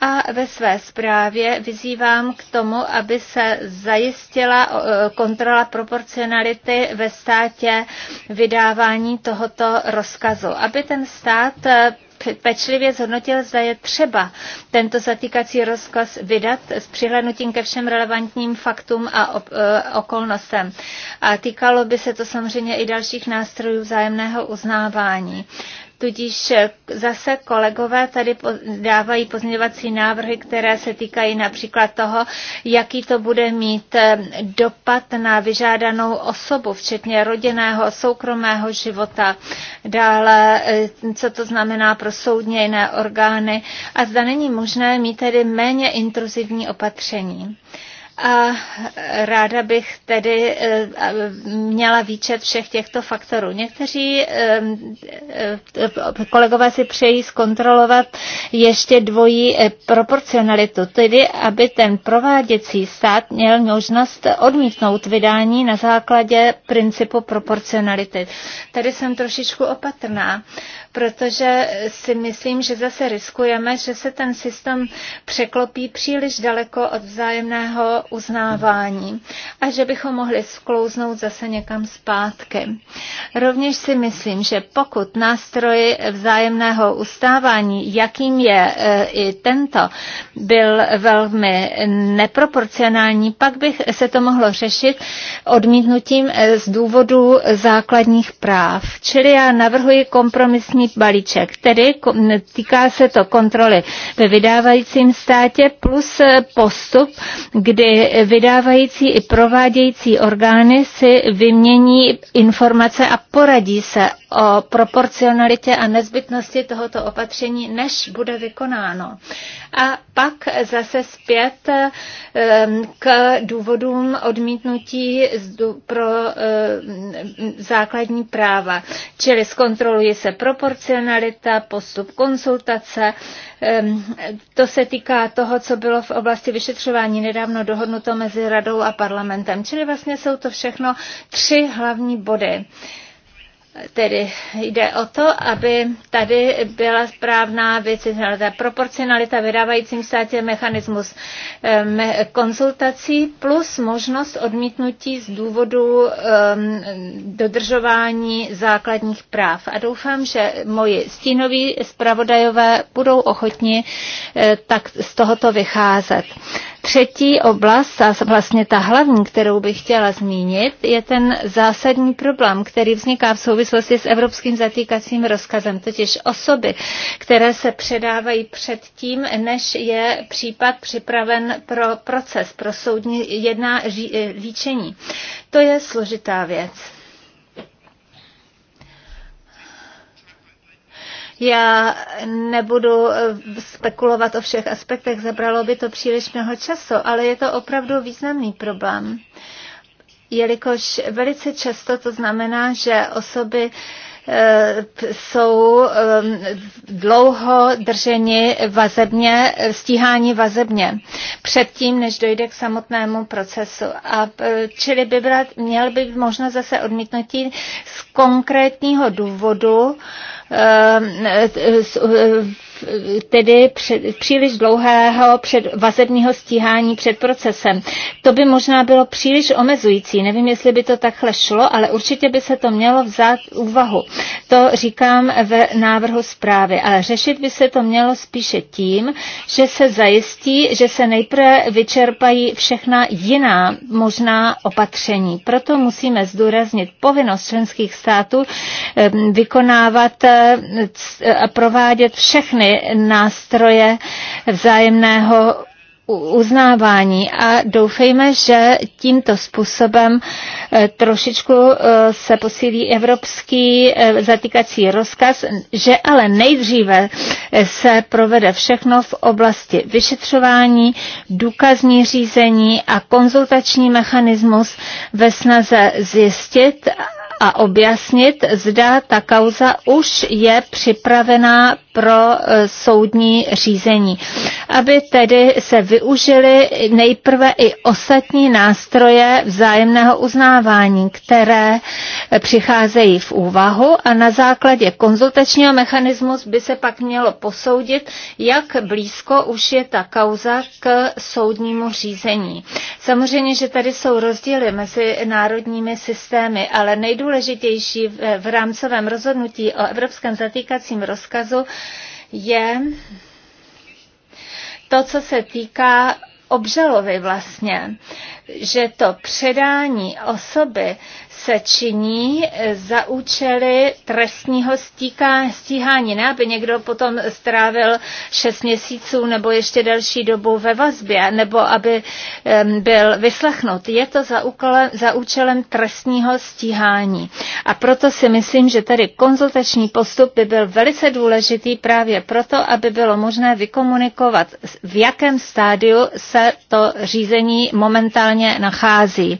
A ve své zprávě vyzývám k tomu, aby se zajistila eh, kontrola proporcionality ve státě vydávání tohoto rozkazu, aby ten stát eh, pečlivě zhodnotil, zda je třeba tento zatýkací rozkaz vydat s přihlednutím ke všem relevantním faktům a e, okolnostem. A týkalo by se to samozřejmě i dalších nástrojů vzájemného uznávání. Tudíž eh, zase kolegové tady dávají pozměňovací návrhy, které se týkají například toho, jaký to bude mít eh, dopad na vyžádanou osobu, včetně rodinného, soukromého života, dále, eh, co to znamená pro soudně jiné orgány a zda není možné mít tedy méně intruzivní opatření a ráda bych tedy eh, měla výčet všech těchto faktorů. Někteří eh, eh, kolegové si přejí zkontrolovat ještě dvojí proporcionalitu, tedy aby ten prováděcí stát měl možnost odmítnout vydání na základě principu proporcionality. Tady jsem trošičku opatrná, protože si myslím, že zase riskujeme, že se ten systém překlopí příliš daleko od vzájemného uznávání a že bychom mohli sklouznout zase někam zpátky. Rovněž si myslím, že pokud nástroj vzájemného ustávání, jakým je e, i tento, byl velmi neproporcionální, pak bych se to mohlo řešit odmítnutím e, z důvodu základních práv. Čili já navrhuji kompromisní celní balíček, tedy týká se to kontroly ve vydávajícím státě plus eh, postup, kdy vydávající i provádějící orgány si vymění informace a poradí se o proporcionalitě a nezbytnosti tohoto opatření, než bude vykonáno a pak zase zpět ehm, k důvodům odmítnutí pro ehm, základní práva. Čili zkontroluje se proporcionalita, postup konsultace. Ehm, to se týká toho, co bylo v oblasti vyšetřování nedávno dohodnuto mezi radou a parlamentem. Čili vlastně jsou to všechno tři hlavní body. Tedy jde o to, aby tady byla správná věciznalita, proporcionalita vydávajícím státě mechanismus ehm, konzultací plus možnost odmítnutí z důvodu um, dodržování základních práv. A doufám, že moji stínoví zpravodajové budou ochotni eh, tak z tohoto vycházet. Třetí oblast, a vlastně ta hlavní, kterou bych chtěla zmínit, je ten zásadní problém, který vzniká v souvislosti s evropským zatýkacím rozkazem, totiž osoby, které se předávají před tím, než je případ připraven pro proces, pro soudní jedná e, líčení. To je složitá věc. Já nebudu eh, spekulovat o všech aspektech, zabralo by to příliš mnoho času, ale je to opravdu významný problém, jelikož velice často to znamená, že osoby eh, jsou eh, dlouho drženi vazebně, stíhání vazebně předtím, než dojde k samotnému procesu. A čili by byla, měl by možnost zase odmítnutí z konkrétního důvodu, uh, uh, uh, uh, uh, uh, uh, tedy před, příliš dlouhého před vazebního stíhání před procesem. To by možná bylo příliš omezující. Nevím, jestli by to takhle šlo, ale určitě by se to mělo vzát úvahu. To říkám v návrhu zprávy. Ale řešit by se to mělo spíše tím, že se zajistí, že se nejprve vyčerpají všechna jiná možná opatření. Proto musíme zdůraznit povinnost členských států eh, vykonávat eh, a provádět všechny všechny nástroje vzájemného uznávání a doufejme, že tímto způsobem e, trošičku e, se posílí evropský e, zatýkací rozkaz, že ale nejdříve se provede všechno v oblasti vyšetřování, důkazní řízení a konzultační mechanismus ve snaze zjistit a objasnit, zda ta kauza už je připravená pro eh, soudní řízení, aby tedy se využili nejprve i ostatní nástroje vzájemného uznávání, které eh, přicházejí v úvahu a na základě konzultačního mechanismu by se pak mělo posoudit, jak blízko už je ta kauza k soudnímu řízení. Samozřejmě, že tady jsou rozdíly mezi národními systémy, ale nejdůležitější nejdůležitější v rámcovém rozhodnutí o evropském zatýkacím rozkazu je to, co se týká obžalovy vlastně, že to předání osoby se činí za účely trestního stíka, stíhání, ne aby někdo potom strávil šest měsíců nebo ještě delší dobu ve vazbě, nebo aby byl vyslechnut. Je to za, úkolem, za účelem trestního stíhání. A proto si myslím, že tady konzultační postup by byl velice důležitý právě proto, aby bylo možné vykomunikovat, v jakém stádiu se to řízení momentálně nachází.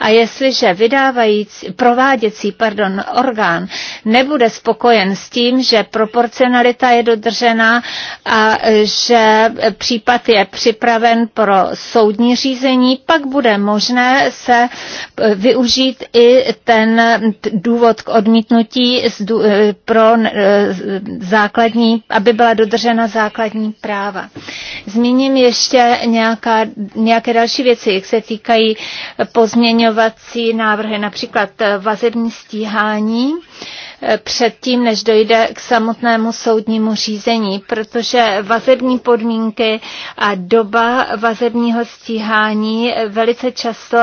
A jestliže vydávající, prováděcí pardon, orgán nebude spokojen s tím, že proporcionalita je dodržena a že případ je připraven pro soudní řízení, pak bude možné se eh, využít i ten důvod k odmítnutí eh, pro eh, základní, aby byla dodržena základní práva. Zmíním ještě nějaká, nějaké další věci, jak se týkají pozměňování pozměňovací návrhy, například eh, vazební stíhání, eh, předtím, než dojde k samotnému soudnímu řízení, protože vazební podmínky a doba vazebního stíhání eh, velice často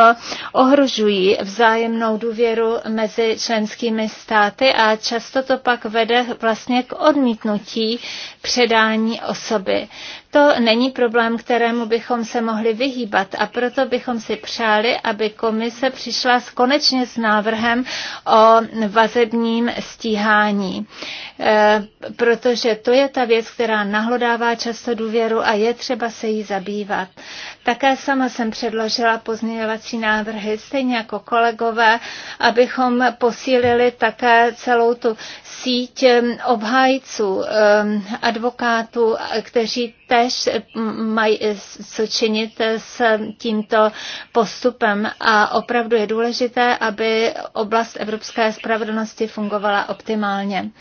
ohrožují vzájemnou důvěru mezi členskými státy a často to pak vede vlastně k odmítnutí předání osoby. To není problém, kterému bychom se mohli vyhýbat a proto bychom si přáli, aby komise přišla s konečně s návrhem o vazebním stíhání. E, protože to je ta věc, která nahlodává často důvěru a je třeba se jí zabývat. Také sama jsem předložila pozměňovací návrhy, stejně jako kolegové, abychom posílili také celou tu síť obhájců, advokátů, kteří tež mají sočinit s tímto postupem a opravdu je důležité, aby oblast evropské spravedlnosti fungovala optimálně.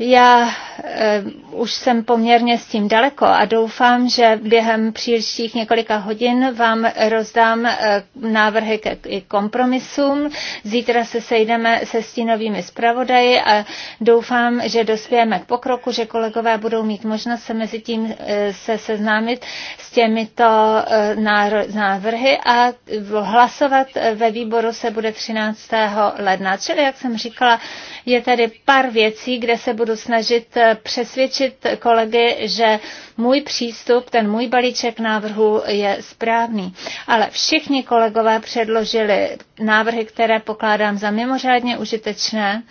Já eh, už jsem poměrně s tím daleko a doufám, že během příštích několika hodin vám rozdám eh, návrhy ke kompromisům. Zítra se sejdeme se stínovými zpravodaji a doufám, že dospějeme k pokroku, že kolegové budou mít možnost se mezi tím eh, se seznámit s těmito eh, návrhy a hlasovat eh, ve výboru se bude 13. ledna. Čili, jak jsem říkala, je tady pár věcí, kde se budu snažit eh, přesvědčit kolegy, že můj přístup, ten můj balíček návrhu je správný. Ale všichni kolegové předložili návrhy, které pokládám za mimořádně užitečné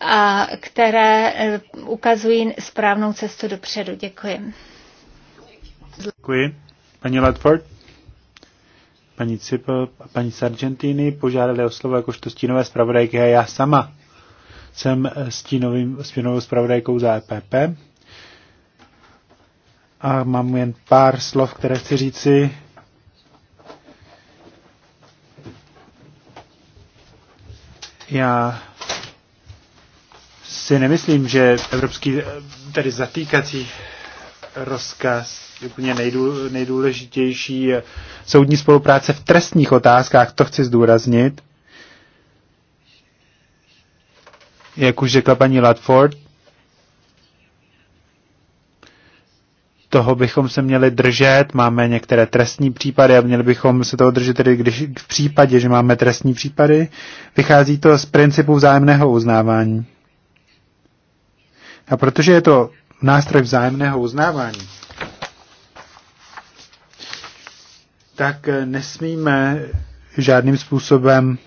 a které eh, ukazují správnou cestu dopředu. Děkuji.
Děkuji. Paní Ledford, paní Cipel a paní Sargentini požádali o slovo jakožto stínové zpravodajky a já sama. Jsem stínovým, stínovou zpravodajkou za EPP. A mám jen pár slov, které chci říci. Já si nemyslím, že evropský tedy zatýkací rozkaz je úplně nejdůležitější soudní spolupráce v trestních otázkách, to chci zdůraznit. jak už řekla paní Latford, toho bychom se měli držet, máme některé trestní případy a měli bychom se toho držet tedy když, v případě, že máme trestní případy. Vychází to z principu vzájemného uznávání. A protože je to nástroj vzájemného uznávání, tak nesmíme žádným způsobem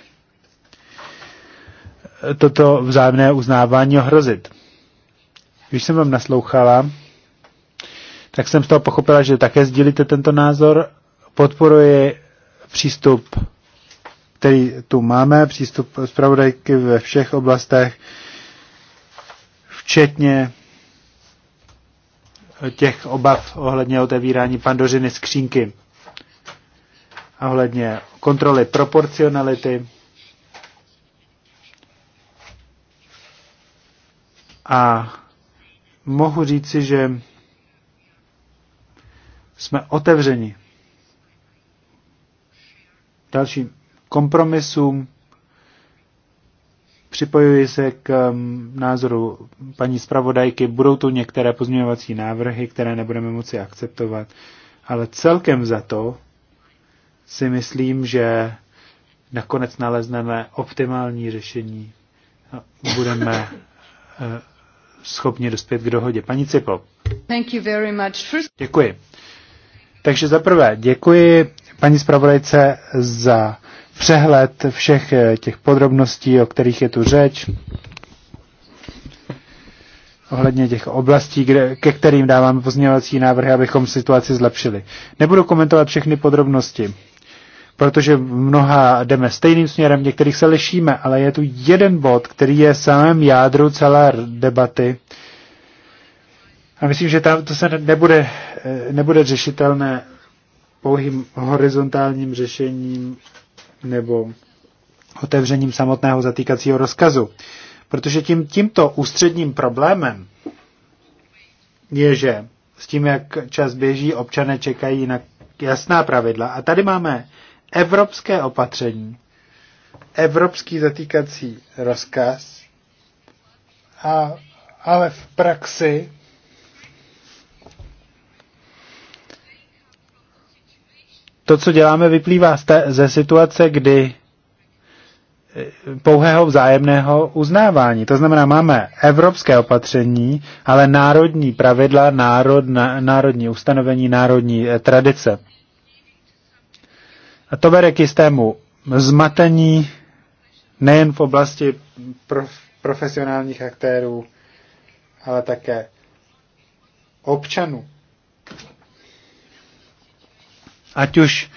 toto vzájemné uznávání ohrozit. Když jsem vám naslouchala, tak jsem z toho pochopila, že také sdílíte tento názor. Podporuji přístup, který tu máme, přístup zpravodajky ve všech oblastech, včetně těch obav ohledně otevírání pandořiny skřínky a ohledně kontroly proporcionality A mohu říci, že jsme otevřeni dalším kompromisům. Připojuji se k um, názoru paní zpravodajky. Budou tu některé pozměňovací návrhy, které nebudeme moci akceptovat, ale celkem za to si myslím, že nakonec nalezneme optimální řešení a budeme eh, schopni dospět k dohodě. Paní Cipo. Thank you very much. First... Děkuji. Takže zaprvé děkuji paní zpravodajce za přehled všech eh, těch podrobností, o kterých je tu řeč, ohledně těch oblastí, kde, ke kterým dáváme pozměňovací návrhy, abychom situaci zlepšili. Nebudu komentovat všechny podrobnosti protože mnoha jdeme stejným směrem, některých se lišíme, ale je tu jeden bod, který je samém jádru celé debaty. A myslím, že tam to se nebude, eh, nebude řešitelné pouhým horizontálním řešením nebo otevřením samotného zatýkacího rozkazu. Protože tím, tímto ústředním problémem je, že s tím, jak čas běží, občané čekají na jasná pravidla. A tady máme evropské opatření, evropský zatýkací rozkaz, a, ale v praxi to, co děláme, vyplývá z té, ze situace, kdy e, pouhého vzájemného uznávání. To znamená, máme evropské opatření, ale národní pravidla, národ, národní ustanovení, národní e, tradice. A to vede k jistému zmatení nejen v oblasti prof, profesionálních aktérů, ale také občanů. Ať už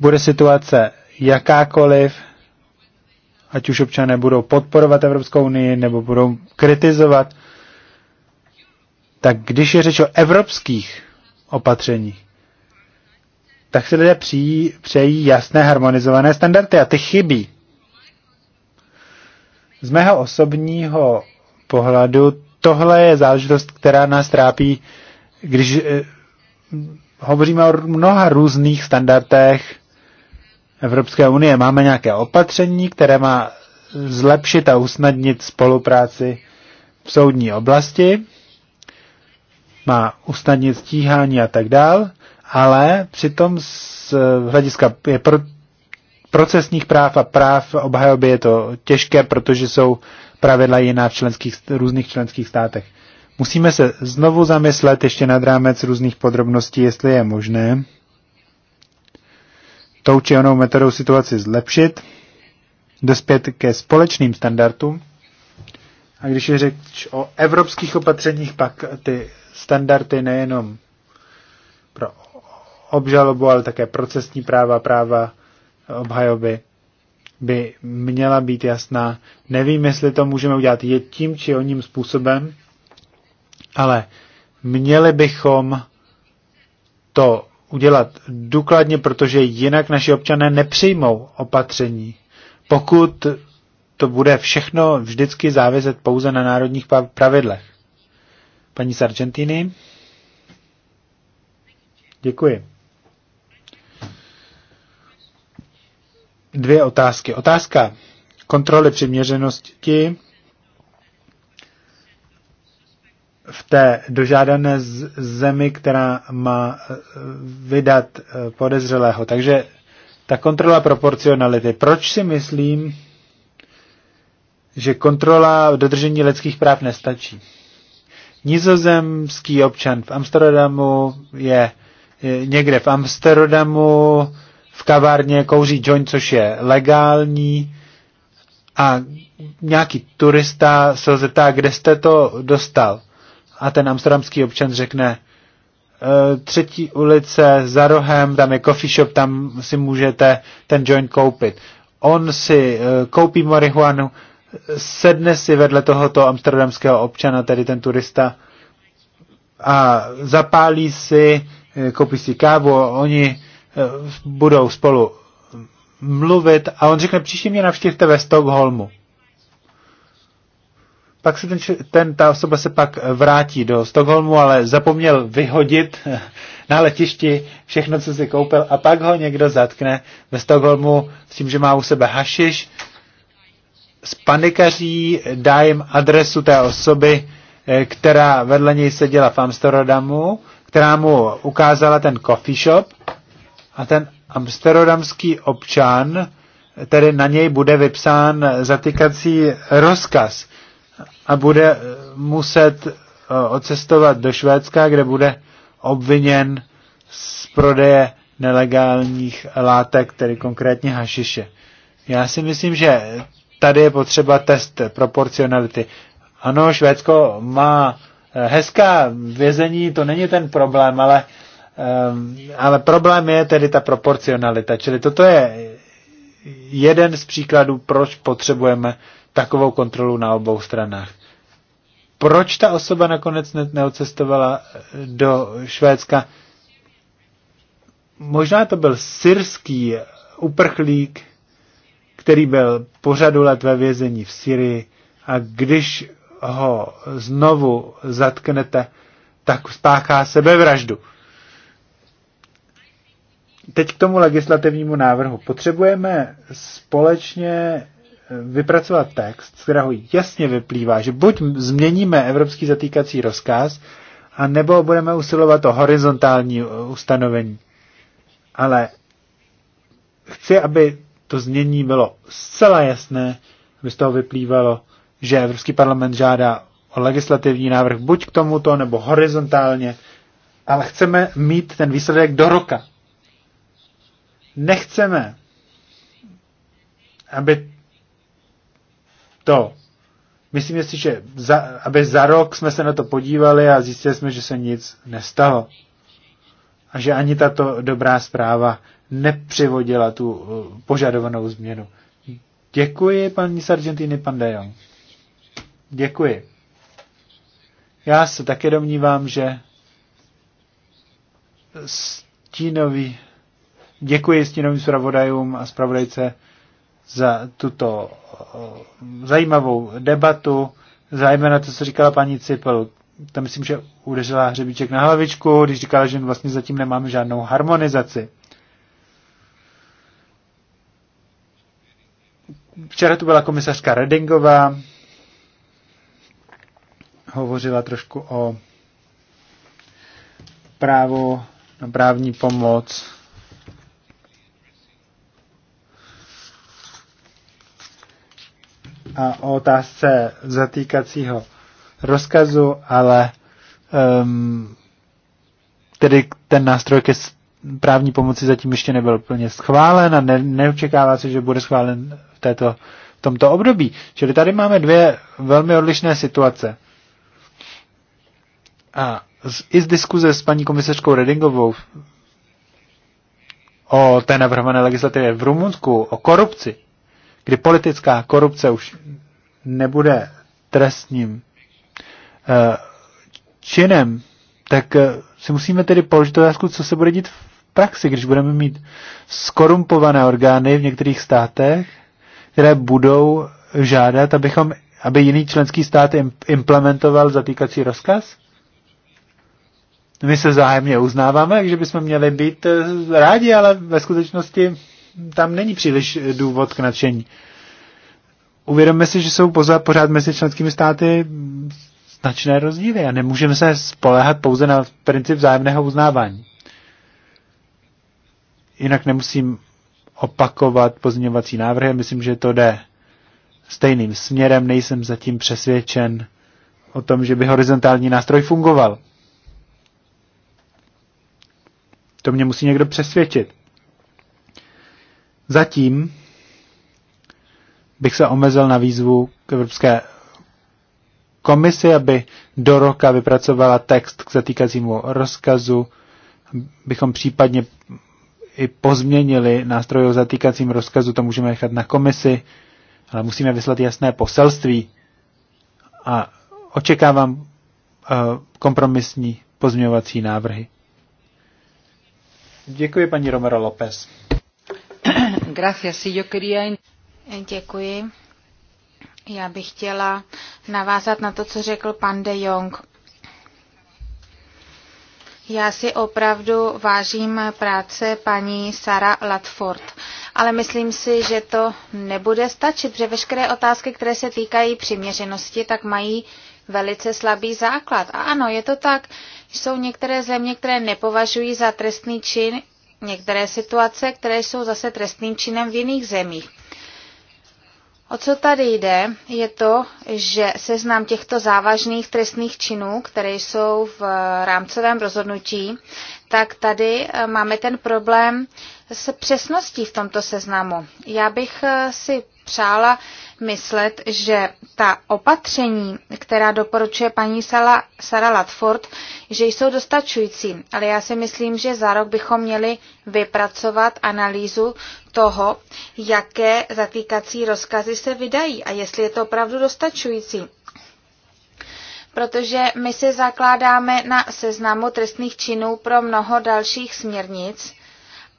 bude situace jakákoliv, ať už občané budou podporovat Evropskou unii nebo budou kritizovat, tak když je řeč o evropských opatřeních, tak si lidé přijí, přejí jasné harmonizované standardy a ty chybí. Z mého osobního pohledu tohle je záležitost, která nás trápí, když eh, hovoříme o mnoha různých standardech Evropské unie. Máme nějaké opatření, které má zlepšit a usnadnit spolupráci v soudní oblasti, má usnadnit stíhání a tak dále ale přitom z hlediska je pro, procesních práv a práv obhajoby je to těžké, protože jsou pravidla jiná v členských, různých členských státech. Musíme se znovu zamyslet ještě nad rámec různých podrobností, jestli je možné tou či onou metodou situaci zlepšit, dospět ke společným standardům. A když je řeč o evropských opatřeních, pak ty standardy nejenom pro obžalobu, ale také procesní práva, práva obhajoby by měla být jasná. Nevím, jestli to můžeme udělat je tím či oním způsobem, ale měli bychom to udělat důkladně, protože jinak naši občané nepřijmou opatření. Pokud to bude všechno vždycky závězet pouze na národních pravidlech. Paní Sargentini, Děkuji. dvě otázky. Otázka kontroly přiměřenosti v té dožádané zemi, která má eh, vydat eh, podezřelého. Takže ta kontrola proporcionality. Proč si myslím, že kontrola dodržení lidských práv nestačí? Nizozemský občan v Amsterdamu je někde v Amsterdamu v kavárně kouří joint, což je legální a nějaký turista se zeptá, kde jste to dostal. A ten amsterdamský občan řekne, e, třetí ulice za rohem, tam je coffee shop, tam si můžete ten joint koupit. On si e, koupí marihuanu, sedne si vedle tohoto amsterdamského občana, tedy ten turista, a zapálí si, e, koupí si kávu, oni Eh, budou spolu mluvit a on řekne, příště mě navštívte ve Stockholmu. Pak se ten, ten, ta osoba se pak vrátí do Stockholmu, ale zapomněl vyhodit eh, na letišti všechno, co si koupil a pak ho někdo zatkne ve Stockholmu s tím, že má u sebe hašiš, panikaří dá jim adresu té osoby, eh, která vedle něj seděla v Amsterdamu, která mu ukázala ten coffee shop a ten amsterdamský občan, tedy na něj bude vypsán zatýkací rozkaz a bude muset eh, odcestovat do Švédska, kde bude obviněn z prodeje nelegálních látek, tedy konkrétně hašiše. Já si myslím, že tady je potřeba test proporcionality. Ano, Švédsko má eh, hezká vězení, to není ten problém, ale Ehm, ale problém je tedy ta proporcionalita. Čili toto je jeden z příkladů, proč potřebujeme takovou kontrolu na obou stranách. Proč ta osoba nakonec ne- neocestovala eh, do Švédska? Možná to byl syrský uprchlík, který byl po řadu let ve vězení v Syrii a když ho znovu zatknete, tak spáchá sebevraždu. Teď k tomu legislativnímu návrhu. Potřebujeme společně eh, vypracovat text, z kterého jasně vyplývá, že buď změníme evropský zatýkací rozkaz, a nebo budeme usilovat o horizontální eh, ustanovení. Ale chci, aby to změní bylo zcela jasné, aby z toho vyplývalo, že Evropský parlament žádá o legislativní návrh buď k tomuto, nebo horizontálně, ale chceme mít ten výsledek do roka nechceme, aby to, myslím si, že za, aby za rok jsme se na to podívali a zjistili jsme, že se nic nestalo. A že ani tato dobrá zpráva nepřivodila tu uh, požadovanou změnu. Děkuji, paní Sargentini, pan De Jong. Děkuji. Já se také domnívám, že stínový Děkuji stínovým zpravodajům a zpravodajce za tuto eh, zajímavou debatu, zejména to, co říkala paní Cipel. Tam myslím, že udeřila hřebíček na hlavičku, když říkala, že vlastně zatím nemáme žádnou harmonizaci. Včera tu byla komisařka Redingová, hovořila trošku o právo na právní pomoc a o otázce zatýkacího rozkazu, ale um, tedy ten nástroj ke právní pomoci zatím ještě nebyl plně schválen a ne, neočekává se, že bude schválen v, této, v tomto období. Čili tady máme dvě velmi odlišné situace. A z, i z diskuze s paní komisařkou Redingovou o té navrhované legislativě v Rumunsku, o korupci, kdy politická korupce už nebude trestním eh, činem, tak eh, si musíme tedy položit otázku, co se bude dít v praxi, když budeme mít skorumpované orgány v některých státech, které budou žádat, abychom, aby jiný členský stát implementoval zatýkací rozkaz? My se zájemně uznáváme, že bychom měli být eh, rádi, ale ve skutečnosti tam není příliš eh, důvod k nadšení. Uvědomme si, že jsou pořád mezi členskými státy značné rozdíly a nemůžeme se spoléhat pouze na princip vzájemného uznávání. Jinak nemusím opakovat pozměňovací návrhy, myslím, že to jde stejným směrem, nejsem zatím přesvědčen o tom, že by horizontální nástroj fungoval. To mě musí někdo přesvědčit. Zatím bych se omezil na výzvu k Evropské komisi, aby do roka vypracovala text k zatýkacímu rozkazu, bychom případně i pozměnili nástroj o zatýkacím rozkazu, to můžeme nechat na komisi, ale musíme vyslat jasné poselství a očekávám uh, kompromisní pozměňovací návrhy. Děkuji paní Romero López.
Děkuji. Já bych chtěla navázat na to, co řekl pan de Jong. Já si opravdu vážím práce paní Sara Latford, ale myslím si, že to nebude stačit, protože veškeré otázky, které se týkají přiměřenosti, tak mají velice slabý základ. A ano, je to tak, jsou některé země, které nepovažují za trestný čin některé situace, které jsou zase trestným činem v jiných zemích. O co tady jde, je to, že seznam těchto závažných trestných činů, které jsou v rámcovém rozhodnutí, tak tady eh, máme ten problém s přesností v tomto seznamu. Já bych eh, si přála myslet, že ta opatření, která doporučuje paní Sara Latford, že jsou dostačující, ale já si myslím, že za rok bychom měli vypracovat analýzu toho, jaké zatýkací rozkazy se vydají a jestli je to opravdu dostačující protože my se zakládáme na seznamu trestných činů pro mnoho dalších směrnic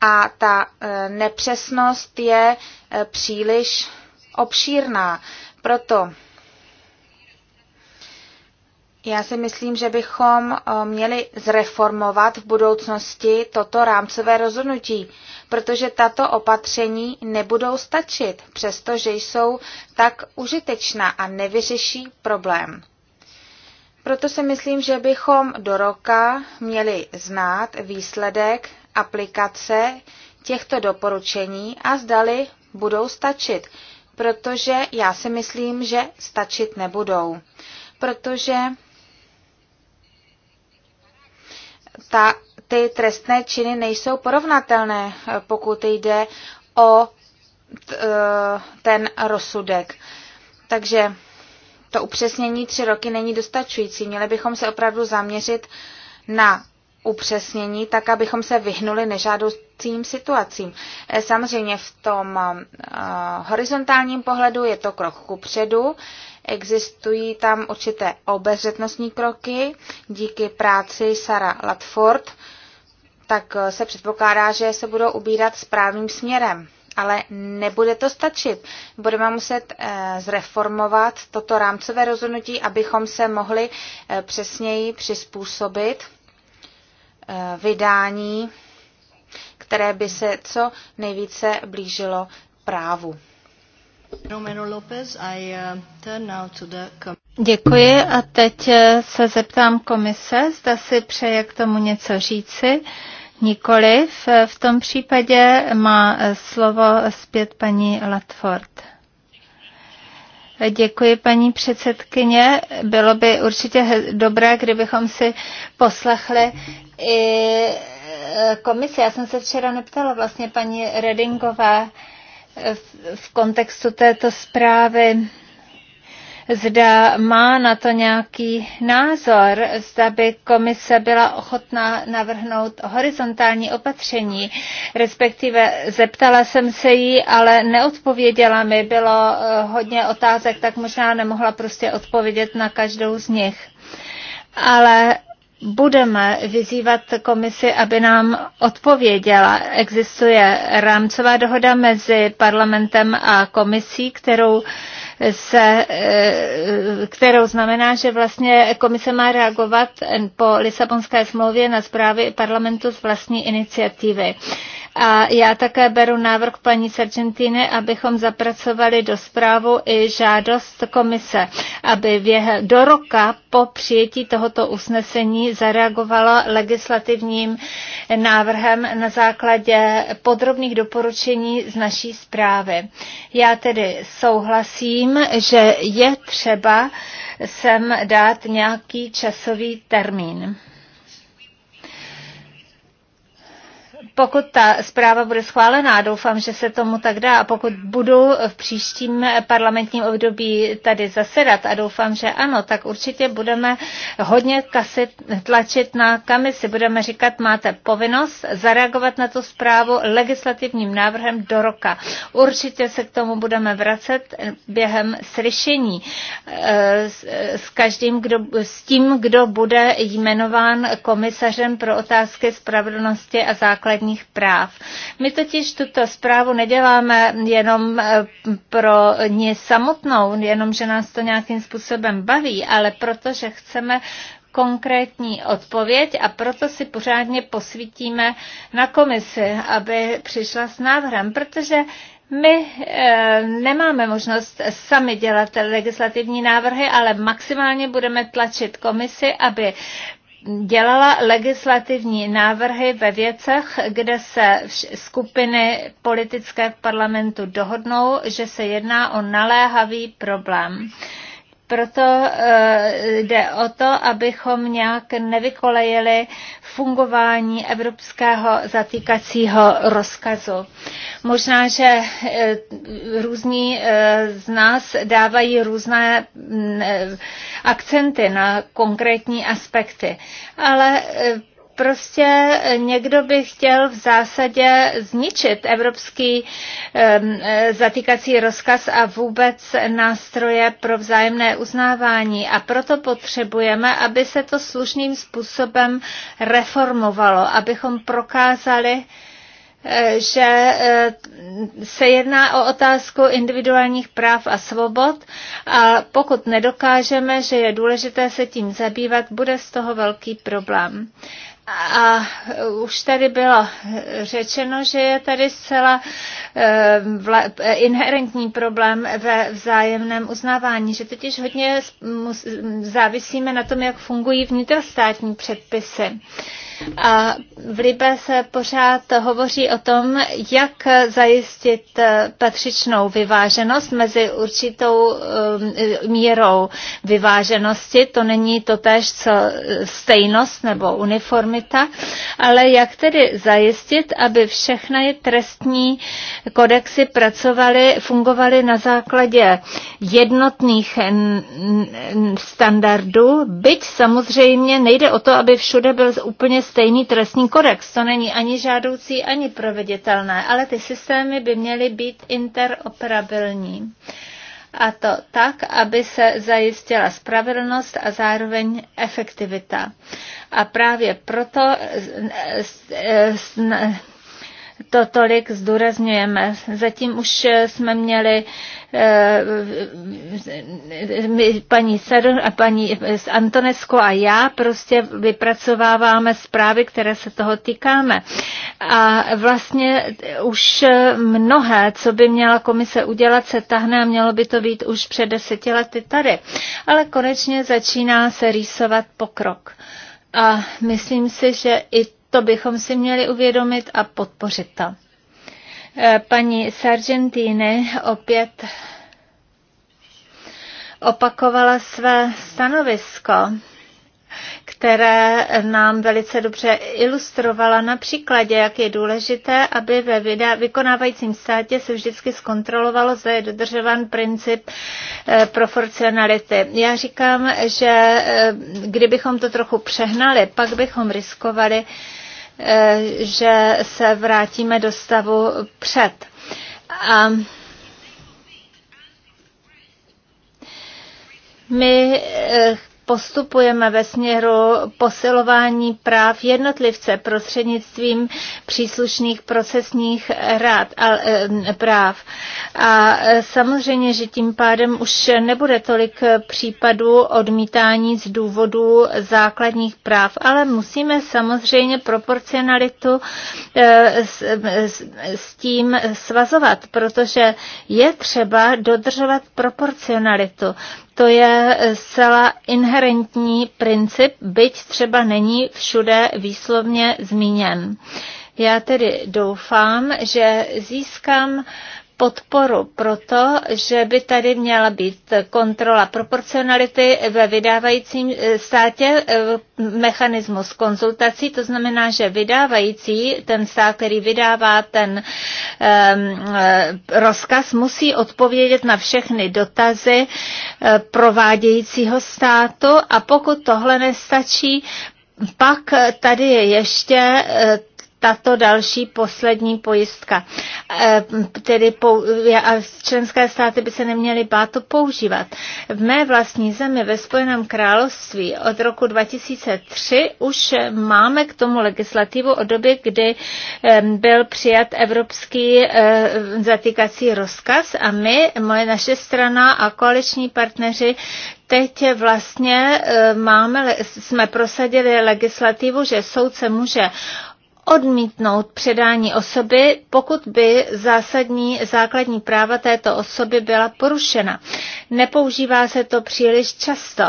a ta e, nepřesnost je e, příliš obšírná. Proto já si myslím, že bychom eh, měli zreformovat v budoucnosti toto rámcové rozhodnutí, protože tato opatření nebudou stačit, přestože jsou tak užitečná a nevyřeší problém. Proto si myslím, že bychom do roka měli znát výsledek aplikace těchto doporučení a zdali budou stačit, protože já si myslím, že stačit nebudou. Protože ta, ty trestné činy nejsou porovnatelné, pokud jde o e, ten rozsudek. Takže to upřesnění tři roky není dostačující. Měli bychom se opravdu zaměřit na upřesnění, tak abychom se vyhnuli nežádoucím situacím. Eh, samozřejmě v tom eh, horizontálním pohledu je to krok ku předu, existují tam určité obezřetnostní kroky díky práci Sara Latford, tak eh, se předpokládá, že se budou ubírat správným směrem. Ale nebude to stačit. Budeme muset zreformovat toto rámcové rozhodnutí, abychom se mohli přesněji přizpůsobit Eh, vydání, které by se co nejvíce
blížilo právu. Eh, Děkuji a teď eh, se zeptám komise, zda si přeje k tomu něco říci. Nikoliv. V tom případě má slovo zpět paní Latford. Děkuji, paní předsedkyně. Bylo by určitě dobré, kdybychom si poslechli i e, komise. Já jsem se včera neptala vlastně paní Redingové v kontextu této zprávy, zda má na to nějaký názor, zda by komise byla ochotná navrhnout horizontální opatření, respektive zeptala jsem se jí, ale neodpověděla mi, bylo e, hodně otázek, tak možná nemohla prostě odpovědět na každou z nich. Ale budeme vyzývat komisi, aby nám odpověděla. Existuje rámcová dohoda mezi parlamentem a komisí, kterou se, eh, kterou znamená, že vlastně komise má reagovat po Lisabonské smlouvě na zprávy parlamentu z vlastní iniciativy. A já také beru návrh paní Sargentiny, abychom zapracovali do zprávu i žádost komise, aby věhe, do roka po přijetí tohoto usnesení zareagovala legislativním návrhem na základě podrobných doporučení z naší zprávy. Já tedy souhlasím, že je třeba sem dát nějaký časový termín. Pokud ta zpráva bude schválená, doufám, že se tomu tak dá, a pokud budu v příštím parlamentním období tady zasedat a doufám, že ano, tak určitě budeme hodně kasit, tlačit na kamisy. Budeme říkat, máte povinnost zareagovat na tu zprávu legislativním návrhem do roka. Určitě se k tomu budeme vracet během slyšení eh, s každým, kdo, s tím, kdo bude jmenován komisařem pro otázky spravedlnosti a základní základních práv. My totiž tuto zprávu neděláme jenom eh, pro ně samotnou, jenom že nás to nějakým způsobem baví, ale protože chceme konkrétní odpověď a proto si pořádně posvítíme na komisi, aby přišla s návrhem, protože my e, nemáme možnost sami dělat legislativní návrhy, ale maximálně budeme tlačit komisi, aby dělala legislativní návrhy ve věcech, kde se skupiny politické v parlamentu dohodnou, že se jedná o naléhavý problém. Uh, proto eh, jde o to, abychom nějak nevykolejili fungování evropského zatýkacího rozkazu. Možná, že eh, různí eh, z nás dávají různé mm, akcenty na konkrétní aspekty, ale prostě někdo by chtěl v zásadě zničit evropský e, zatýkací rozkaz a vůbec nástroje pro vzájemné uznávání. A proto potřebujeme, aby se to slušným způsobem reformovalo, abychom prokázali, e, že e, se jedná o otázku individuálních práv a svobod a pokud nedokážeme, že je důležité se tím zabývat, bude z toho velký problém. A už tady bylo řečeno, že je tady zcela eh, eh, inherentní problém ve vzájemném uznávání, že totiž hodně závisíme na tom, jak fungují vnitrostátní předpisy. A v Libe se pořád hovoří o tom, jak zajistit eh, patřičnou vyváženost mezi určitou eh, mírou vyváženosti. To není to co eh, stejnost nebo uniformita, ale jak tedy zajistit, aby všechny trestní kodexy pracovaly, fungovaly na základě jednotných standardů, byť samozřejmě nejde o to, aby všude byl úplně stejný trestní kodex. To není ani žádoucí, ani proveditelné, ale ty systémy by měly být interoperabilní. A to tak, aby se zajistila spravedlnost a zároveň efektivita. A právě proto eh, eh, to tolik zdůrazňujeme. Zatím už jsme měli eh, paní Sadon a paní eh, Antonesko a já prostě vypracováváme zprávy, které se toho týkáme. A vlastně už mnohé, co by měla komise udělat, se tahne a mělo by to být už před deseti lety tady. Ale konečně začíná se rýsovat pokrok. A myslím si, že i to bychom si měli uvědomit a podpořit to. Eh, paní Sargentine opět opakovala své stanovisko, které nám velice dobře ilustrovala na příkladě, jak je důležité, aby ve vykonávajícím státě se vždycky zkontrolovalo, zda je dodržován princip eh, proporcionality. Já říkám, že eh, kdybychom to trochu přehnali, pak bychom riskovali, Eh, že se vrátíme do stavu před. A my eh, postupujeme ve směru posilování práv jednotlivce prostřednictvím příslušných procesních rád a, eh, práv. A eh, samozřejmě, že tím pádem už nebude tolik případů odmítání z důvodu základních práv, ale musíme samozřejmě proporcionalitu eh, s, s tím svazovat, protože je třeba dodržovat proporcionalitu. To je eh, zcela inherentní princip, byť třeba není všude výslovně zmíněn. Já tedy doufám, že získám podporu pro to, že by tady měla být kontrola proporcionality ve vydávajícím eh, státě eh, mechanismus konzultací, to znamená, že vydávající, ten stát, který vydává ten um, rozkaz, musí odpovědět na všechny dotazy provádějícího státu a pokud tohle nestačí, pak tady je ještě tato další poslední pojistka. Eh, tedy pou, a členské státy by se neměly bát to používat. V mé vlastní zemi ve Spojeném království od roku 2003 už máme k tomu legislativu o době, kdy byl přijat evropský eh, zatýkací rozkaz a my, moje naše strana a koaliční partneři teď vlastně eh, máme, jsme prosadili legislativu, že soudce může odmítnout předání osoby, pokud by zásadní základní práva této osoby byla porušena. Nepoužívá se to příliš často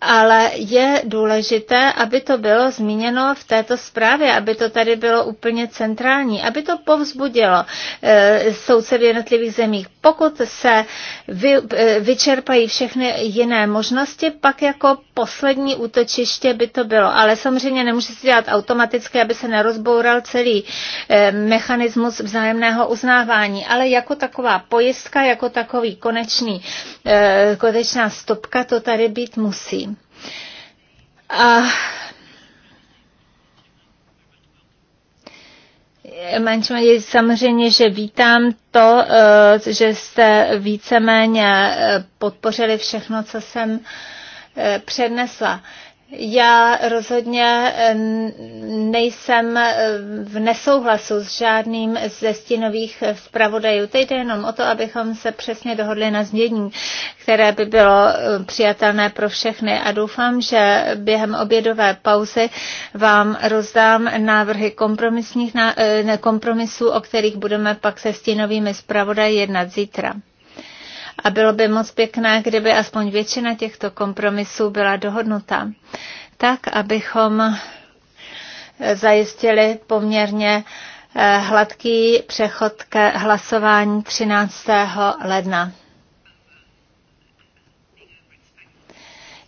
ale je důležité, aby to bylo zmíněno v této zprávě, aby to tady bylo úplně centrální, aby to povzbudilo e, eh, soudce v jednotlivých zemích. Pokud se vy, e, vyčerpají všechny jiné možnosti, pak jako poslední útočiště by to bylo. Ale samozřejmě nemůže se dělat automaticky, aby se nerozboural celý e, mechanismus vzájemného uznávání, ale jako taková pojistka, jako takový konečný, e, konečná stopka to tady být musí. A je samozřejmě, že vítám to, eh, že jste víceméně eh, podpořili všechno, co jsem eh, přednesla. Já rozhodně nejsem eh, v nesouhlasu s žádným ze stínových zpravodajů. Teď jde jenom o to, abychom se přesně dohodli na změní, které by bylo eh, přijatelné pro všechny. A doufám, že během obědové pauzy vám rozdám návrhy kompromisních, eh, kompromisů, o kterých budeme pak se stínovými zpravodaji jednat zítra a bylo by moc pěkné, kdyby aspoň většina těchto kompromisů byla dohodnuta, tak abychom zajistili poměrně eh, hladký přechod ke hlasování 13. ledna.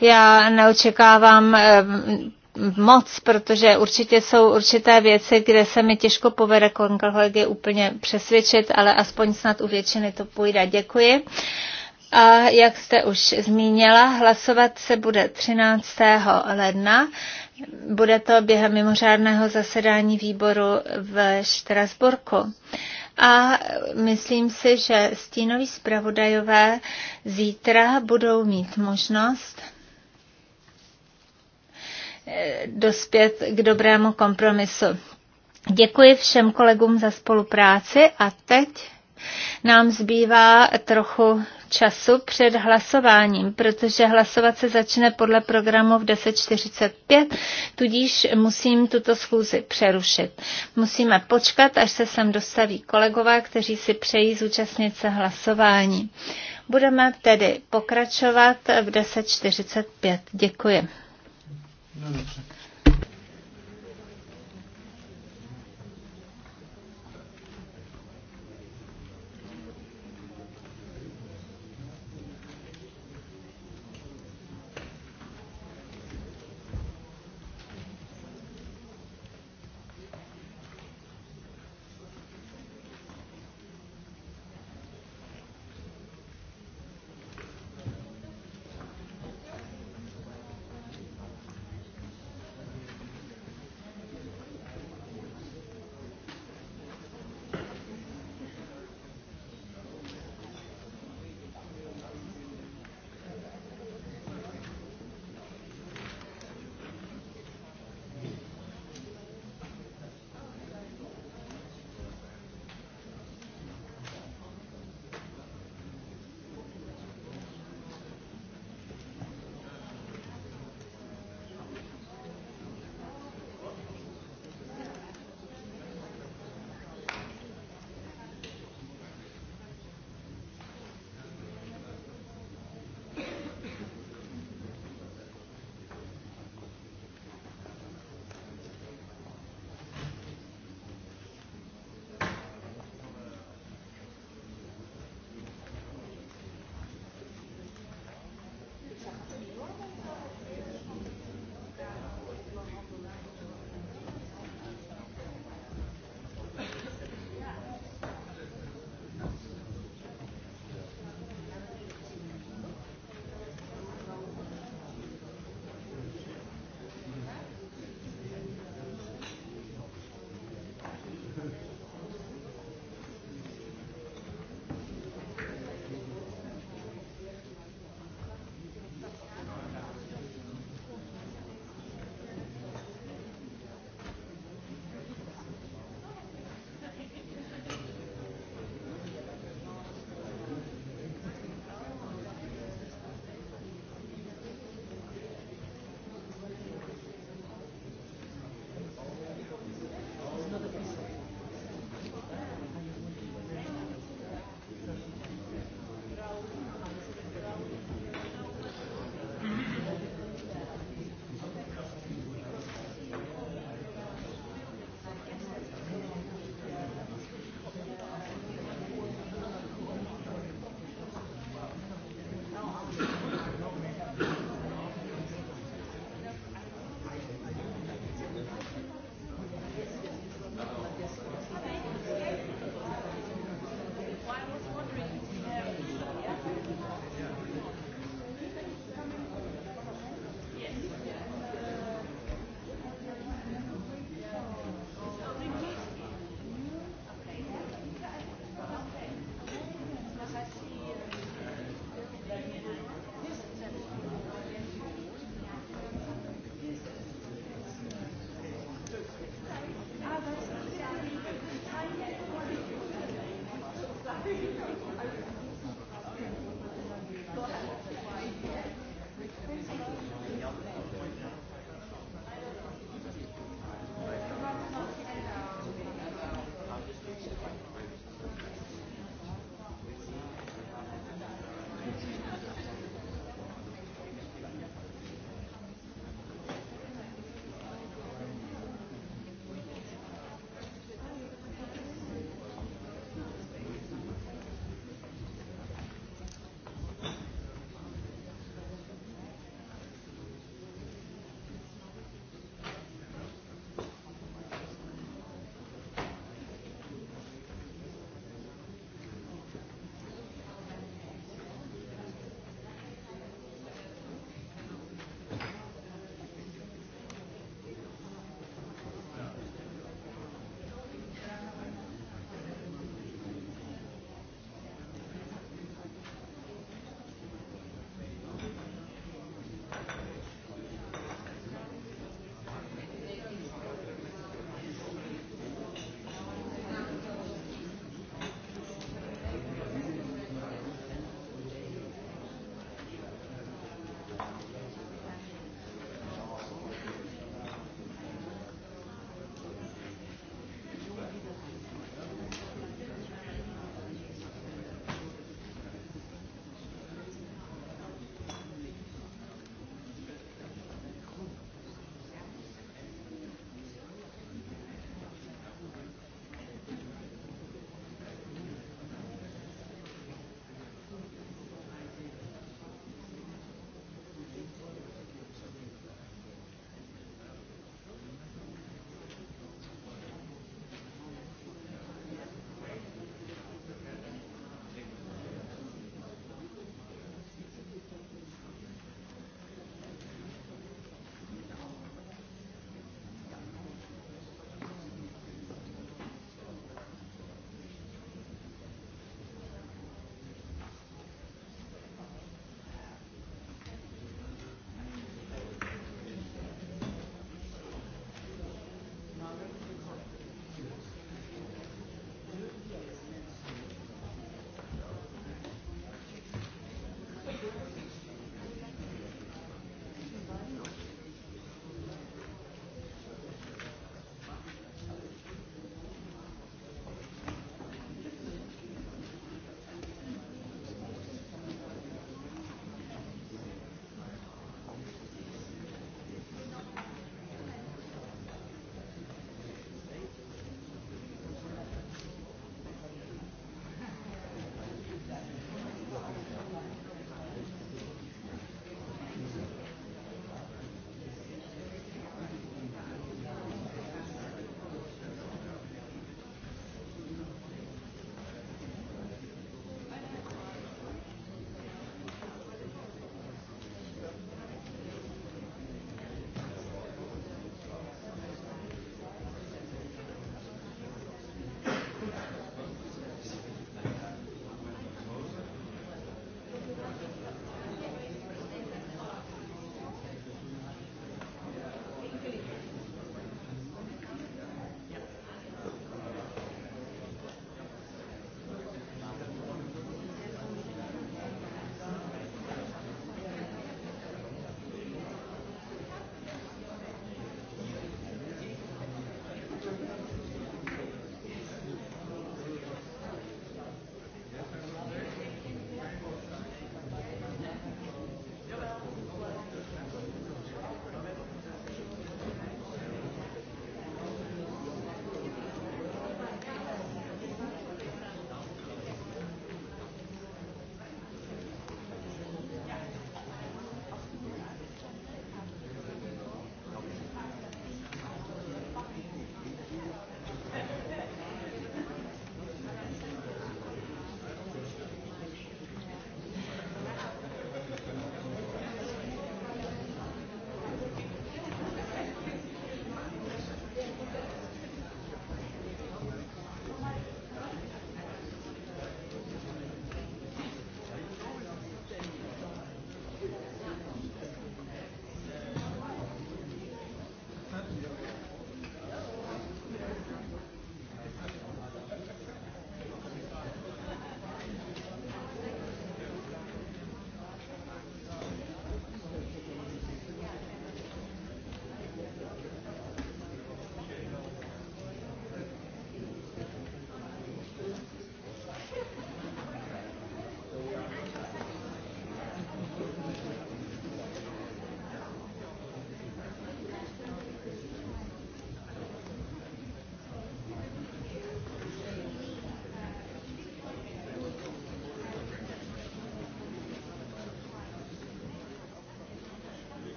Já neočekávám eh, moc, protože určitě jsou určité věci, kde se mi těžko povede kolegy úplně přesvědčit, ale aspoň snad u většiny to půjde. Děkuji. A jak jste už zmínila, hlasovat se bude 13. ledna. Bude to během mimořádného zasedání výboru v Štrasburku. A myslím si, že stínoví zpravodajové zítra budou mít možnost dospět k dobrému kompromisu. Děkuji všem kolegům za spolupráci a teď nám zbývá trochu času před hlasováním, protože hlasovat se začne podle programu v 10.45, tudíž musím tuto schůzi přerušit. Musíme počkat, až se sem dostaví kolegové, kteří si přejí zúčastnit se hlasování. Budeme tedy pokračovat v 10.45. Děkuji. No dobře.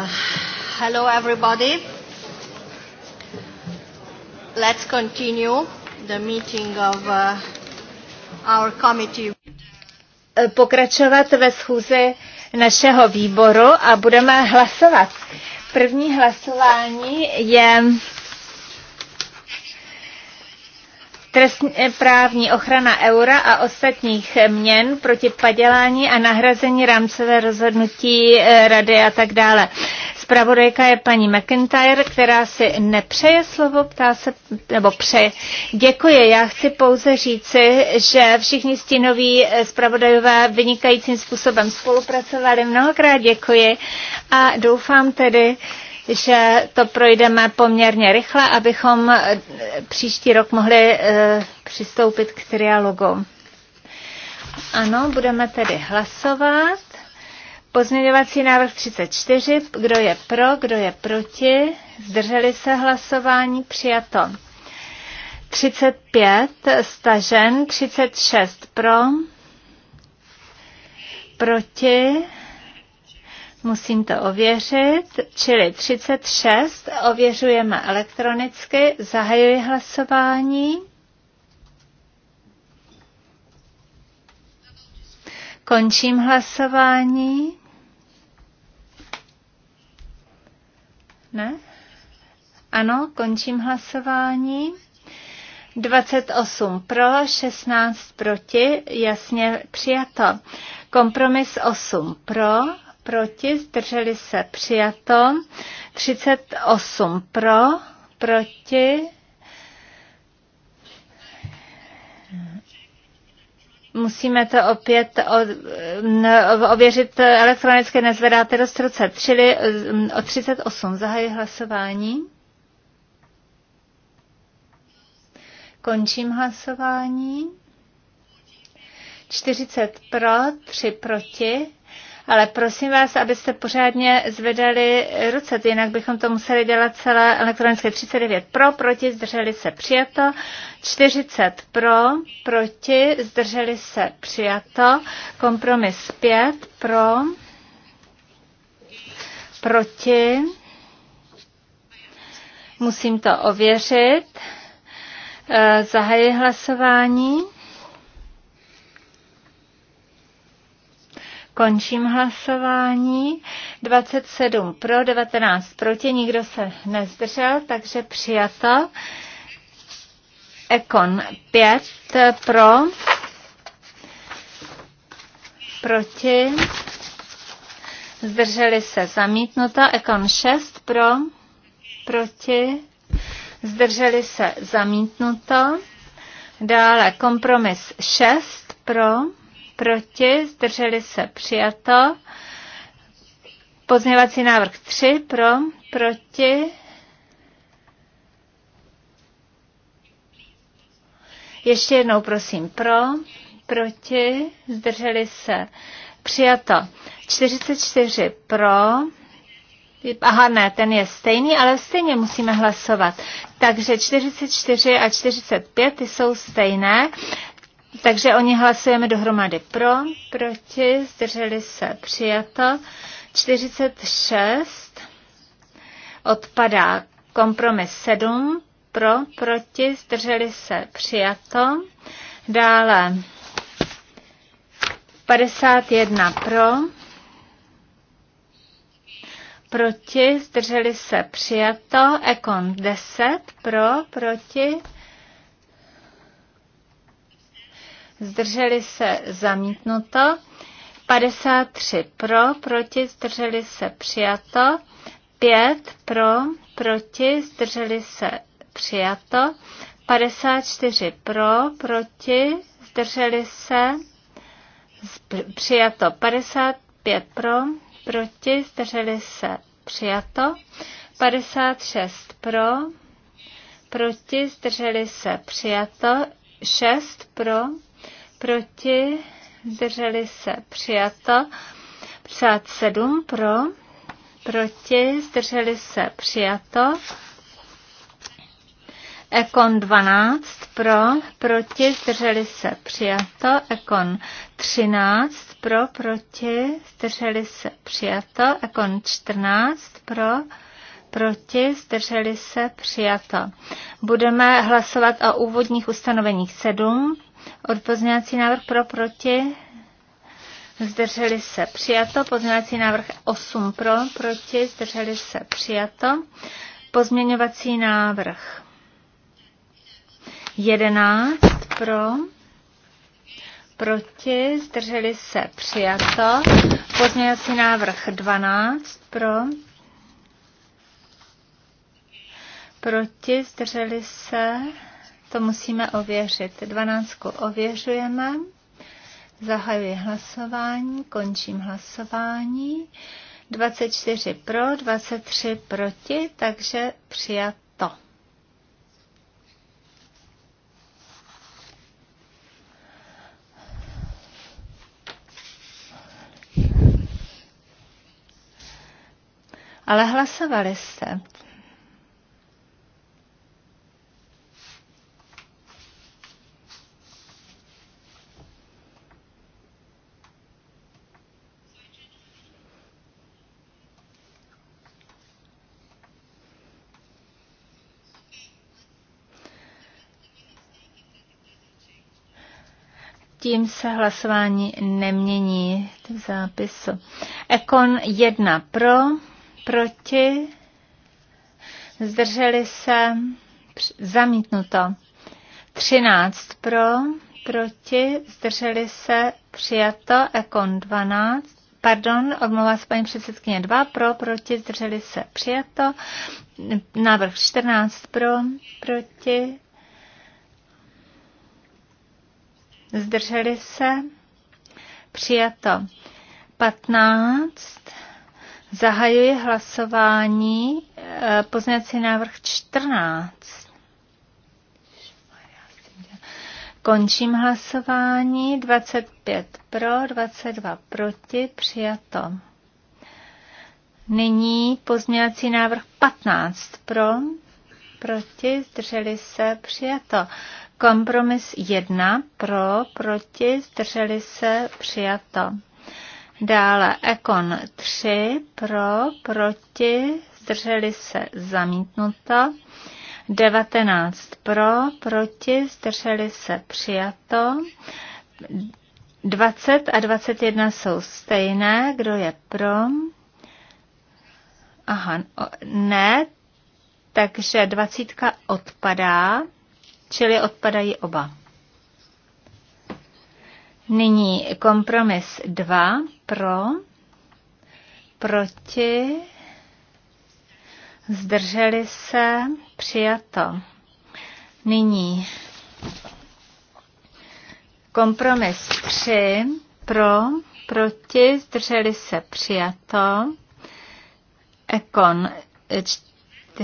Uh, hello everybody. Let's continue the meeting of uh, our committee. Eh, pokračovat ve schůzi našeho výboru a budeme hlasovat. První hlasování je trestně eh, právní ochrana eura a ostatních měn proti padělání a nahrazení rámcové rozhodnutí eh, rady a tak dále. Spravodajka je paní McIntyre, která si nepřeje slovo, ptá se, nebo přeje. Děkuji, já chci pouze říci, že všichni stínoví spravodajové eh, vynikajícím způsobem spolupracovali. Mnohokrát děkuji a doufám tedy, že to projdeme poměrně rychle, abychom eh, příští rok mohli eh, přistoupit k trialogu. Ano, budeme tedy hlasovat. Pozměňovací návrh 34. Kdo je pro, kdo je proti? Zdrželi se hlasování? Přijato. 35. Stažen. 36. Pro. Proti Musím to ověřit, čili 36 ověřujeme elektronicky, zahajuji hlasování. Končím hlasování. Ne? Ano, končím hlasování. 28 pro, 16 proti, jasně přijato. Kompromis 8 pro, proti, zdrželi se přijato, 38 pro, proti, Musíme to opět ověřit elektronické nezvedáte do struce. Čili o 38 zahají hlasování. Končím hlasování. 40 pro, 3 proti. Ale prosím vás, abyste pořádně zvedali ruce, jinak bychom to museli dělat celé elektronické. 39 pro, proti, zdrželi se přijato. 40 pro, proti, zdrželi se přijato. Kompromis 5 pro, proti. Musím to ověřit. Eh, zahajuji hlasování. Končím hlasování. 27 pro, 19 proti, nikdo se nezdržel, takže přijato. Ekon 5 pro, proti, zdrželi se zamítnuto. Ekon 6 pro, proti, zdrželi se zamítnuto. Dále kompromis 6 pro, proti, zdrželi se přijato. Pozměvací návrh 3 pro, proti. Ještě jednou prosím pro, proti, zdrželi se přijato. 44 pro, Aha, ne, ten je stejný, ale stejně musíme hlasovat. Takže 44 a 45 ty jsou stejné takže oni hlasujeme dohromady pro, proti, zdrželi se, přijato. 46 odpadá kompromis 7, pro, proti, zdrželi se, přijato. Dále 51 pro, proti, zdrželi se, přijato. Ekon 10 pro, proti, zdrželi se zamítnuto, 53 pro, proti, zdrželi se přijato, 5 pro, proti, zdrželi se přijato, 54 pro, proti, zdrželi se přijato, 55 pro, proti, zdrželi se přijato, 56 pro, proti, zdrželi se přijato, 6 pro, proti, zdrželi se přijato, 57 pro, proti, zdrželi se přijato, Ekon 12 pro, proti, zdrželi se přijato. Ekon 13 pro, proti, zdrželi se přijato. Ekon 14 pro, proti, zdrželi se přijato. Budeme hlasovat o úvodních ustanoveních 7 od Pozměňovací návrh pro proti. Zdrželi se přijato. Pozměňovací návrh 8 pro proti. Zdrželi se přijato. Pozměňovací návrh 11 pro proti. Zdrželi se přijato. Pozměňovací návrh 12 pro proti. Zdrželi se to musíme ověřit. Dvanáctku ověřujeme. Zahajuji hlasování, končím hlasování. 24 pro, 23 proti, takže přijato. Ale hlasovali jste. zatím se hlasování nemění v zápisu. Ekon 1 pro, proti, zdrželi se, zamítnuto. 13 pro, proti, zdrželi se, přijato, Ekon 12, pardon, omlouvá se paní předsedkyně 2, pro, proti, zdrželi se, přijato, návrh 14 pro, proti, zdrželi se, přijato 15, zahajuji hlasování, eh, poznací návrh 14. Končím hlasování, 25 pro, 22 proti, přijato. Nyní pozměňovací návrh 15 pro, proti, zdrželi se, přijato. Kompromis 1 pro, proti, zdrželi se, přijato. Dále Ekon 3 pro, proti, zdrželi se, zamítnuto. 19 pro, proti, zdrželi se, přijato. 20 a 21 jsou stejné, kdo je pro? Aha, ne, takže 20 odpadá čili odpadají oba. Nyní kompromis 2 pro, proti, zdrželi se, přijato. Nyní kompromis 3 pro, proti, zdrželi se, přijato. Ekon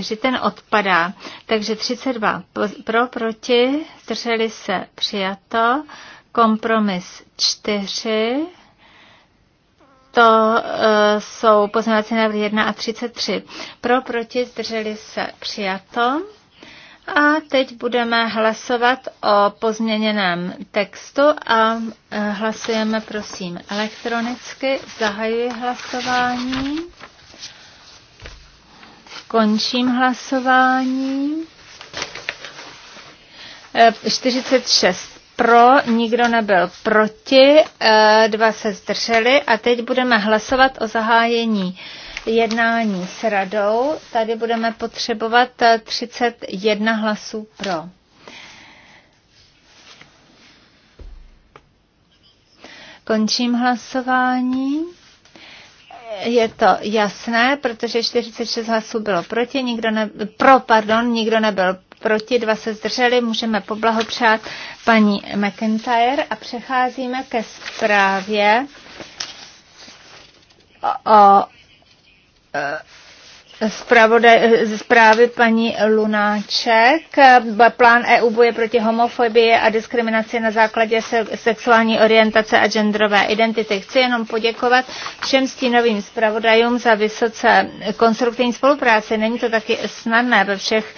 34, ten odpadá. Takže 32 pro, proti, zdrželi se, přijato. Kompromis 4, to uh, jsou poznávací návrhy 1 a 33. Pro, proti, zdrželi se, přijato. A teď budeme hlasovat o pozměněném textu a e, hlasujeme, prosím, elektronicky. Zahajuji hlasování. Končím hlasování. 46 e, pro, nikdo nebyl proti, e, dva se zdrželi a teď budeme hlasovat o zahájení jednání s radou. Tady budeme potřebovat 31 hlasů pro. Končím hlasování je to jasné, protože 46 hlasů bylo proti, nikdo ne, pro, pardon, nikdo nebyl proti, dva se zdrželi, můžeme poblahopřát paní McIntyre a přecházíme ke zprávě o, o zprávy paní Lunáček. Plán EU boje proti homofobii a diskriminaci na základě sexuální orientace a genderové identity. Chci jenom poděkovat všem stínovým zpravodajům za vysoce konstruktivní spolupráci. Není to taky snadné ve všech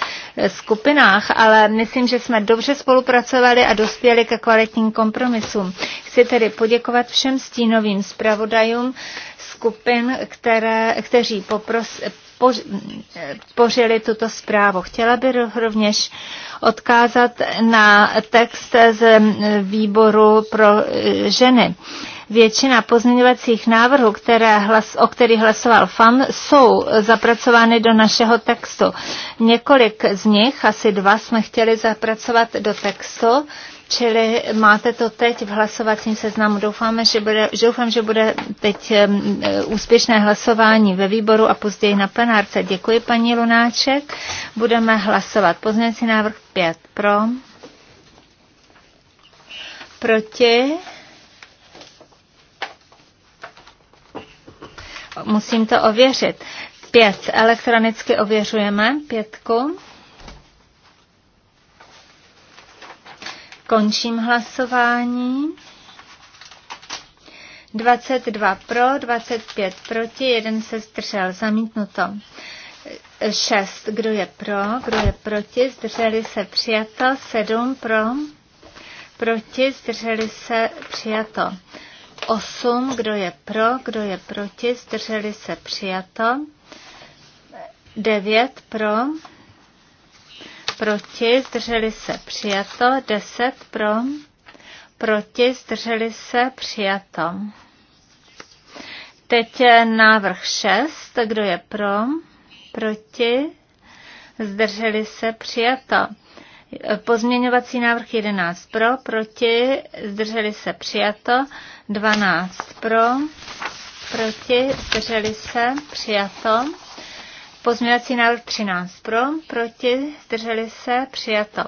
skupinách, ale myslím, že jsme dobře spolupracovali a dospěli ke kvalitním kompromisům. Chci tedy poděkovat všem stínovým zpravodajům skupin, které, kteří popros, podpořili tuto zprávu. Chtěla bych rovněž odkázat na text z výboru pro e, ženy. Většina pozměňovacích návrhů, které hlas, o kterých hlasoval FAM, jsou zapracovány do našeho textu. Několik z nich, asi dva, jsme chtěli zapracovat do textu Čili máte to teď v hlasovacím seznamu. Doufáme, že bude, doufám, že bude teď eh, úspěšné hlasování ve výboru a později na plenárce. Děkuji, paní Lunáček. Budeme hlasovat. Pozměňující návrh 5 pro. Proti. Musím to ověřit. Pět. Elektronicky ověřujeme. Pětku. Končím hlasování. 22 pro, 25 proti, jeden se zdržel. Zamítnuto. 6. Kdo je pro, kdo je proti, zdrželi se přijato. 7 pro, proti, zdrželi se přijato. 8. Kdo je pro, kdo je proti, zdrželi se přijato. 9 pro, proti, zdrželi se, přijato. 10 pro, proti, zdrželi se, přijato. Teď je návrh 6, kdo je pro, proti, zdrželi se, přijato. Pozměňovací návrh 11 pro, proti, zdrželi se, přijato. 12 pro, proti, zdrželi se, přijato. Pozměňovací návrh 13 pro, proti, zdrželi se, přijato.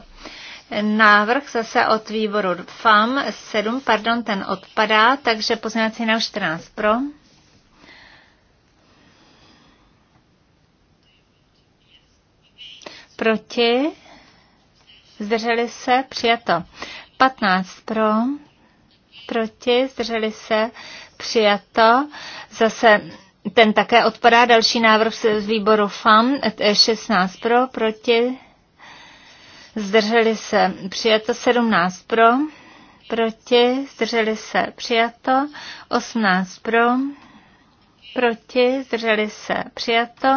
Návrh zase od výboru FAM 7, pardon, ten odpadá, takže pozměňovací návrh 14 pro. Proti, zdrželi se, přijato. 15 pro, proti, zdrželi se, přijato. Zase ten také odpadá. Další návrh z výboru FAM, 16 pro, proti, zdrželi se, přijato 17 pro, proti, zdrželi se, přijato 18 pro, proti, zdrželi se, přijato.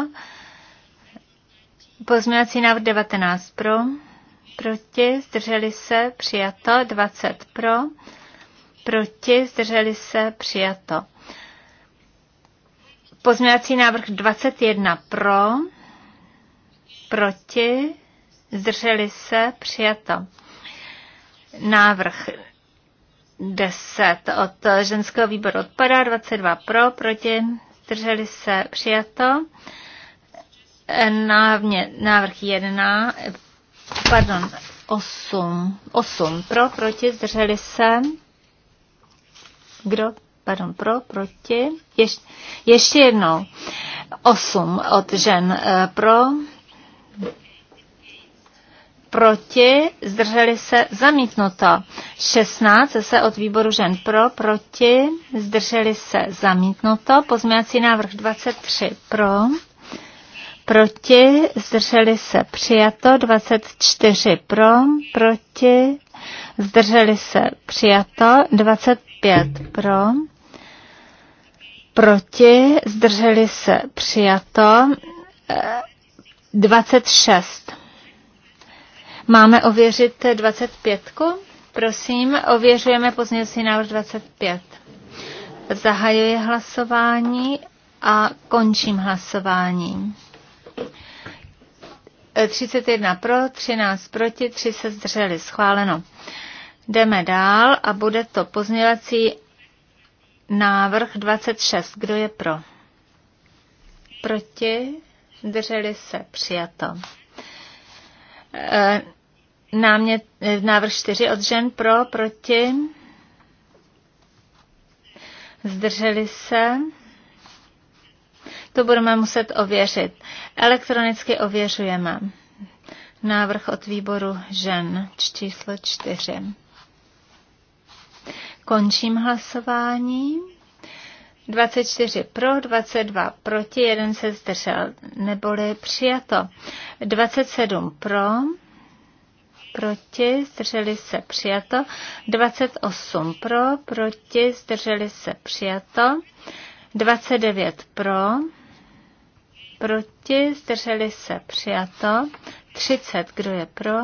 Pozměňovací návrh 19 pro, proti, zdrželi se, přijato 20 pro, proti, zdrželi se, přijato. Pozměňovací návrh 21 pro, proti, zdrželi se, přijato. Návrh 10 od ženského výboru odpadá, 22 pro, proti, zdrželi se, přijato. Návně, návrh 1, pardon, 8, 8 pro, proti, zdrželi se. Kdo pardon, pro, proti, Ješ, ještě jednou, osm od žen eh, pro, proti, zdrželi se, zamítnuto. 16 se od výboru žen pro, proti, zdrželi se, zamítnuto. Pozměňovací návrh 23 pro, proti, zdrželi se, přijato. 24 pro, proti, zdrželi se, přijato. 25 pro, proti, zdrželi se přijato 26. Eh, Máme ověřit 25. Prosím, ověřujeme pozměňovací návrh 25. Zahajuji hlasování a končím hlasování. 31 eh, pro, 13 proti, 3 se zdrželi. Schváleno. Jdeme dál a bude to pozměňovací Návrh 26. Kdo je pro? Proti? Drželi se. Přijato. E, námět, e, návrh 4 od žen pro, proti? Zdrželi se. To budeme muset ověřit. Elektronicky ověřujeme. Návrh od výboru žen číslo 4. Končím hlasování. 24 pro, 22 proti, jeden se zdržel, neboli přijato. 27 pro, proti, zdrželi se přijato. 28 pro, proti, zdrželi se přijato. 29 pro, proti, zdrželi se přijato. 30, kdo je pro,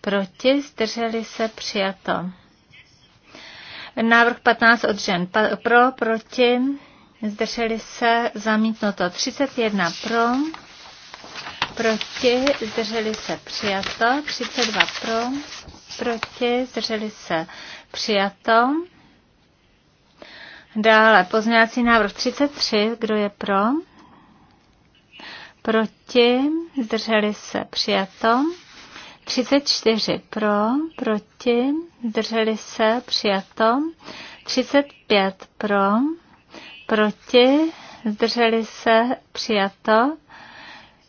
proti, zdrželi se přijato. Návrh 15 od žen pro, proti, zdrželi se, zamítnuto 31 pro, proti, zdrželi se, přijato, 32 pro, proti, zdrželi se, přijato. Dále pozměňovací návrh 33, kdo je pro? Proti, zdrželi se, přijato. 34 pro, proti, zdrželi se, přijato. 35 pro, proti, zdrželi se, přijato.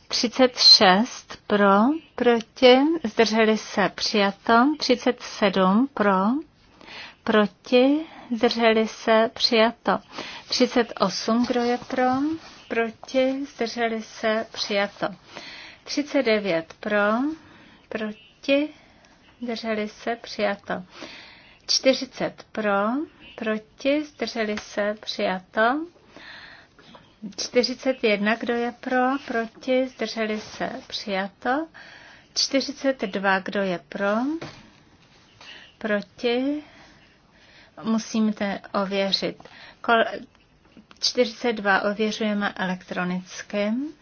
36 pro, proti, zdrželi se, přijato. 37 pro, proti, zdrželi se, přijato. 38, kdo je pro, proti, zdrželi se, přijato. 39 pro, proti, zdrželi se, přijato. 40 pro, proti, zdrželi se, přijato. 41, kdo je pro, proti, zdrželi se, přijato. 42, kdo je pro, proti, musíte ověřit. 42 ověřujeme elektronickým.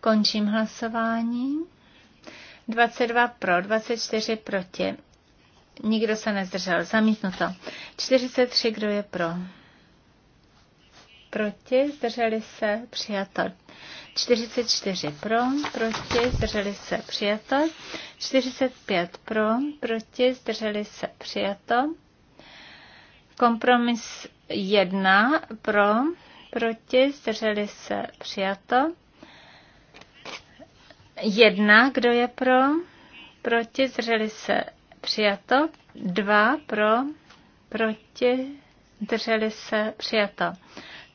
Končím hlasování. 22 pro, 24 proti. Nikdo se nezdržel. Zamítnuto. 43, kdo je pro? Proti, zdrželi se, přijato. 44 pro, proti, zdrželi se, přijato. 45 pro, proti, zdrželi se, přijato. Kompromis 1 pro, proti, zdrželi se, přijato. Jedna, kdo je pro? Proti, zdrželi se přijato. Dva, pro? Proti, zdrželi se přijato.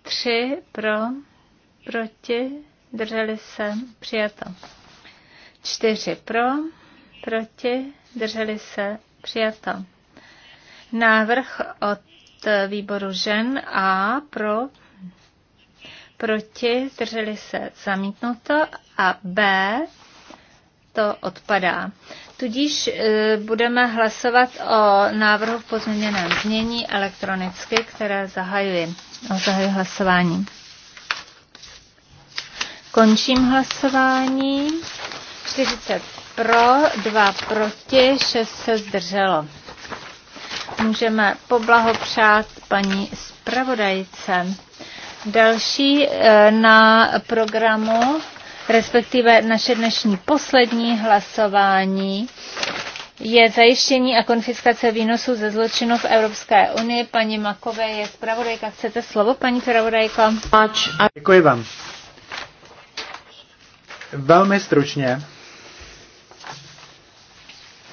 Tři, pro? Proti, zdrželi se přijato. Čtyři, pro? Proti, zdrželi se přijato. Návrh od výboru žen A pro proti, zdrželi se zamítnuto a B to odpadá. Tudíž e, budeme hlasovat o návrhu v pozměněném znění elektronicky, které zahajuji. O zahajuji hlasování. Končím hlasování. 40 pro, 2 proti, 6 se zdrželo. Můžeme poblahopřát paní zpravodajce. Další eh, na programu, respektive naše dnešní poslední hlasování, je zajištění a konfiskace výnosů ze zločinů v Evropské unii. Paní Makové je zpravodajka. Chcete slovo, paní zpravodajko?
Děkuji vám. Velmi stručně.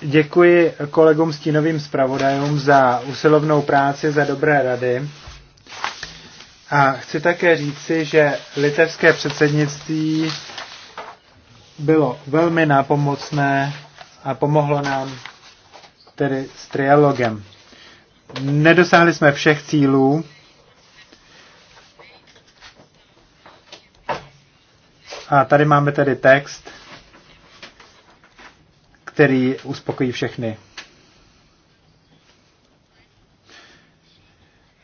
Děkuji kolegům stínovým zpravodajům za usilovnou práci, za dobré rady a chci také říci, že litevské předsednictví bylo velmi nápomocné a pomohlo nám tedy s trialogem. Nedosáhli jsme všech cílů, A tady máme tedy text, který uspokojí všechny.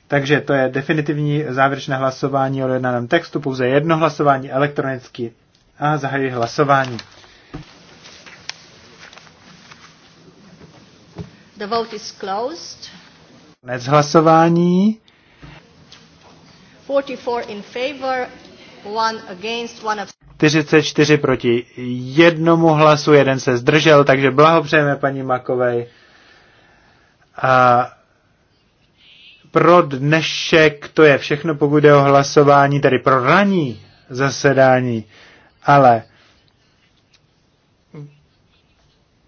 Takže to je definitivní závěrečné hlasování o jednaném textu, pouze jedno hlasování elektronicky a zahajuji hlasování.
The vote is closed.
Konec hlasování.
44 in favor, one against, one of...
44 proti jednomu hlasu, jeden se zdržel, takže blahopřejeme paní Makovej. A pro dnešek to je všechno, pokud je o hlasování, tedy pro ranní zasedání, ale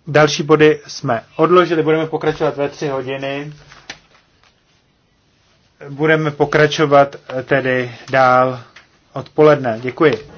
další body jsme odložili, budeme pokračovat ve tři hodiny. Budeme pokračovat tedy dál odpoledne. Děkuji.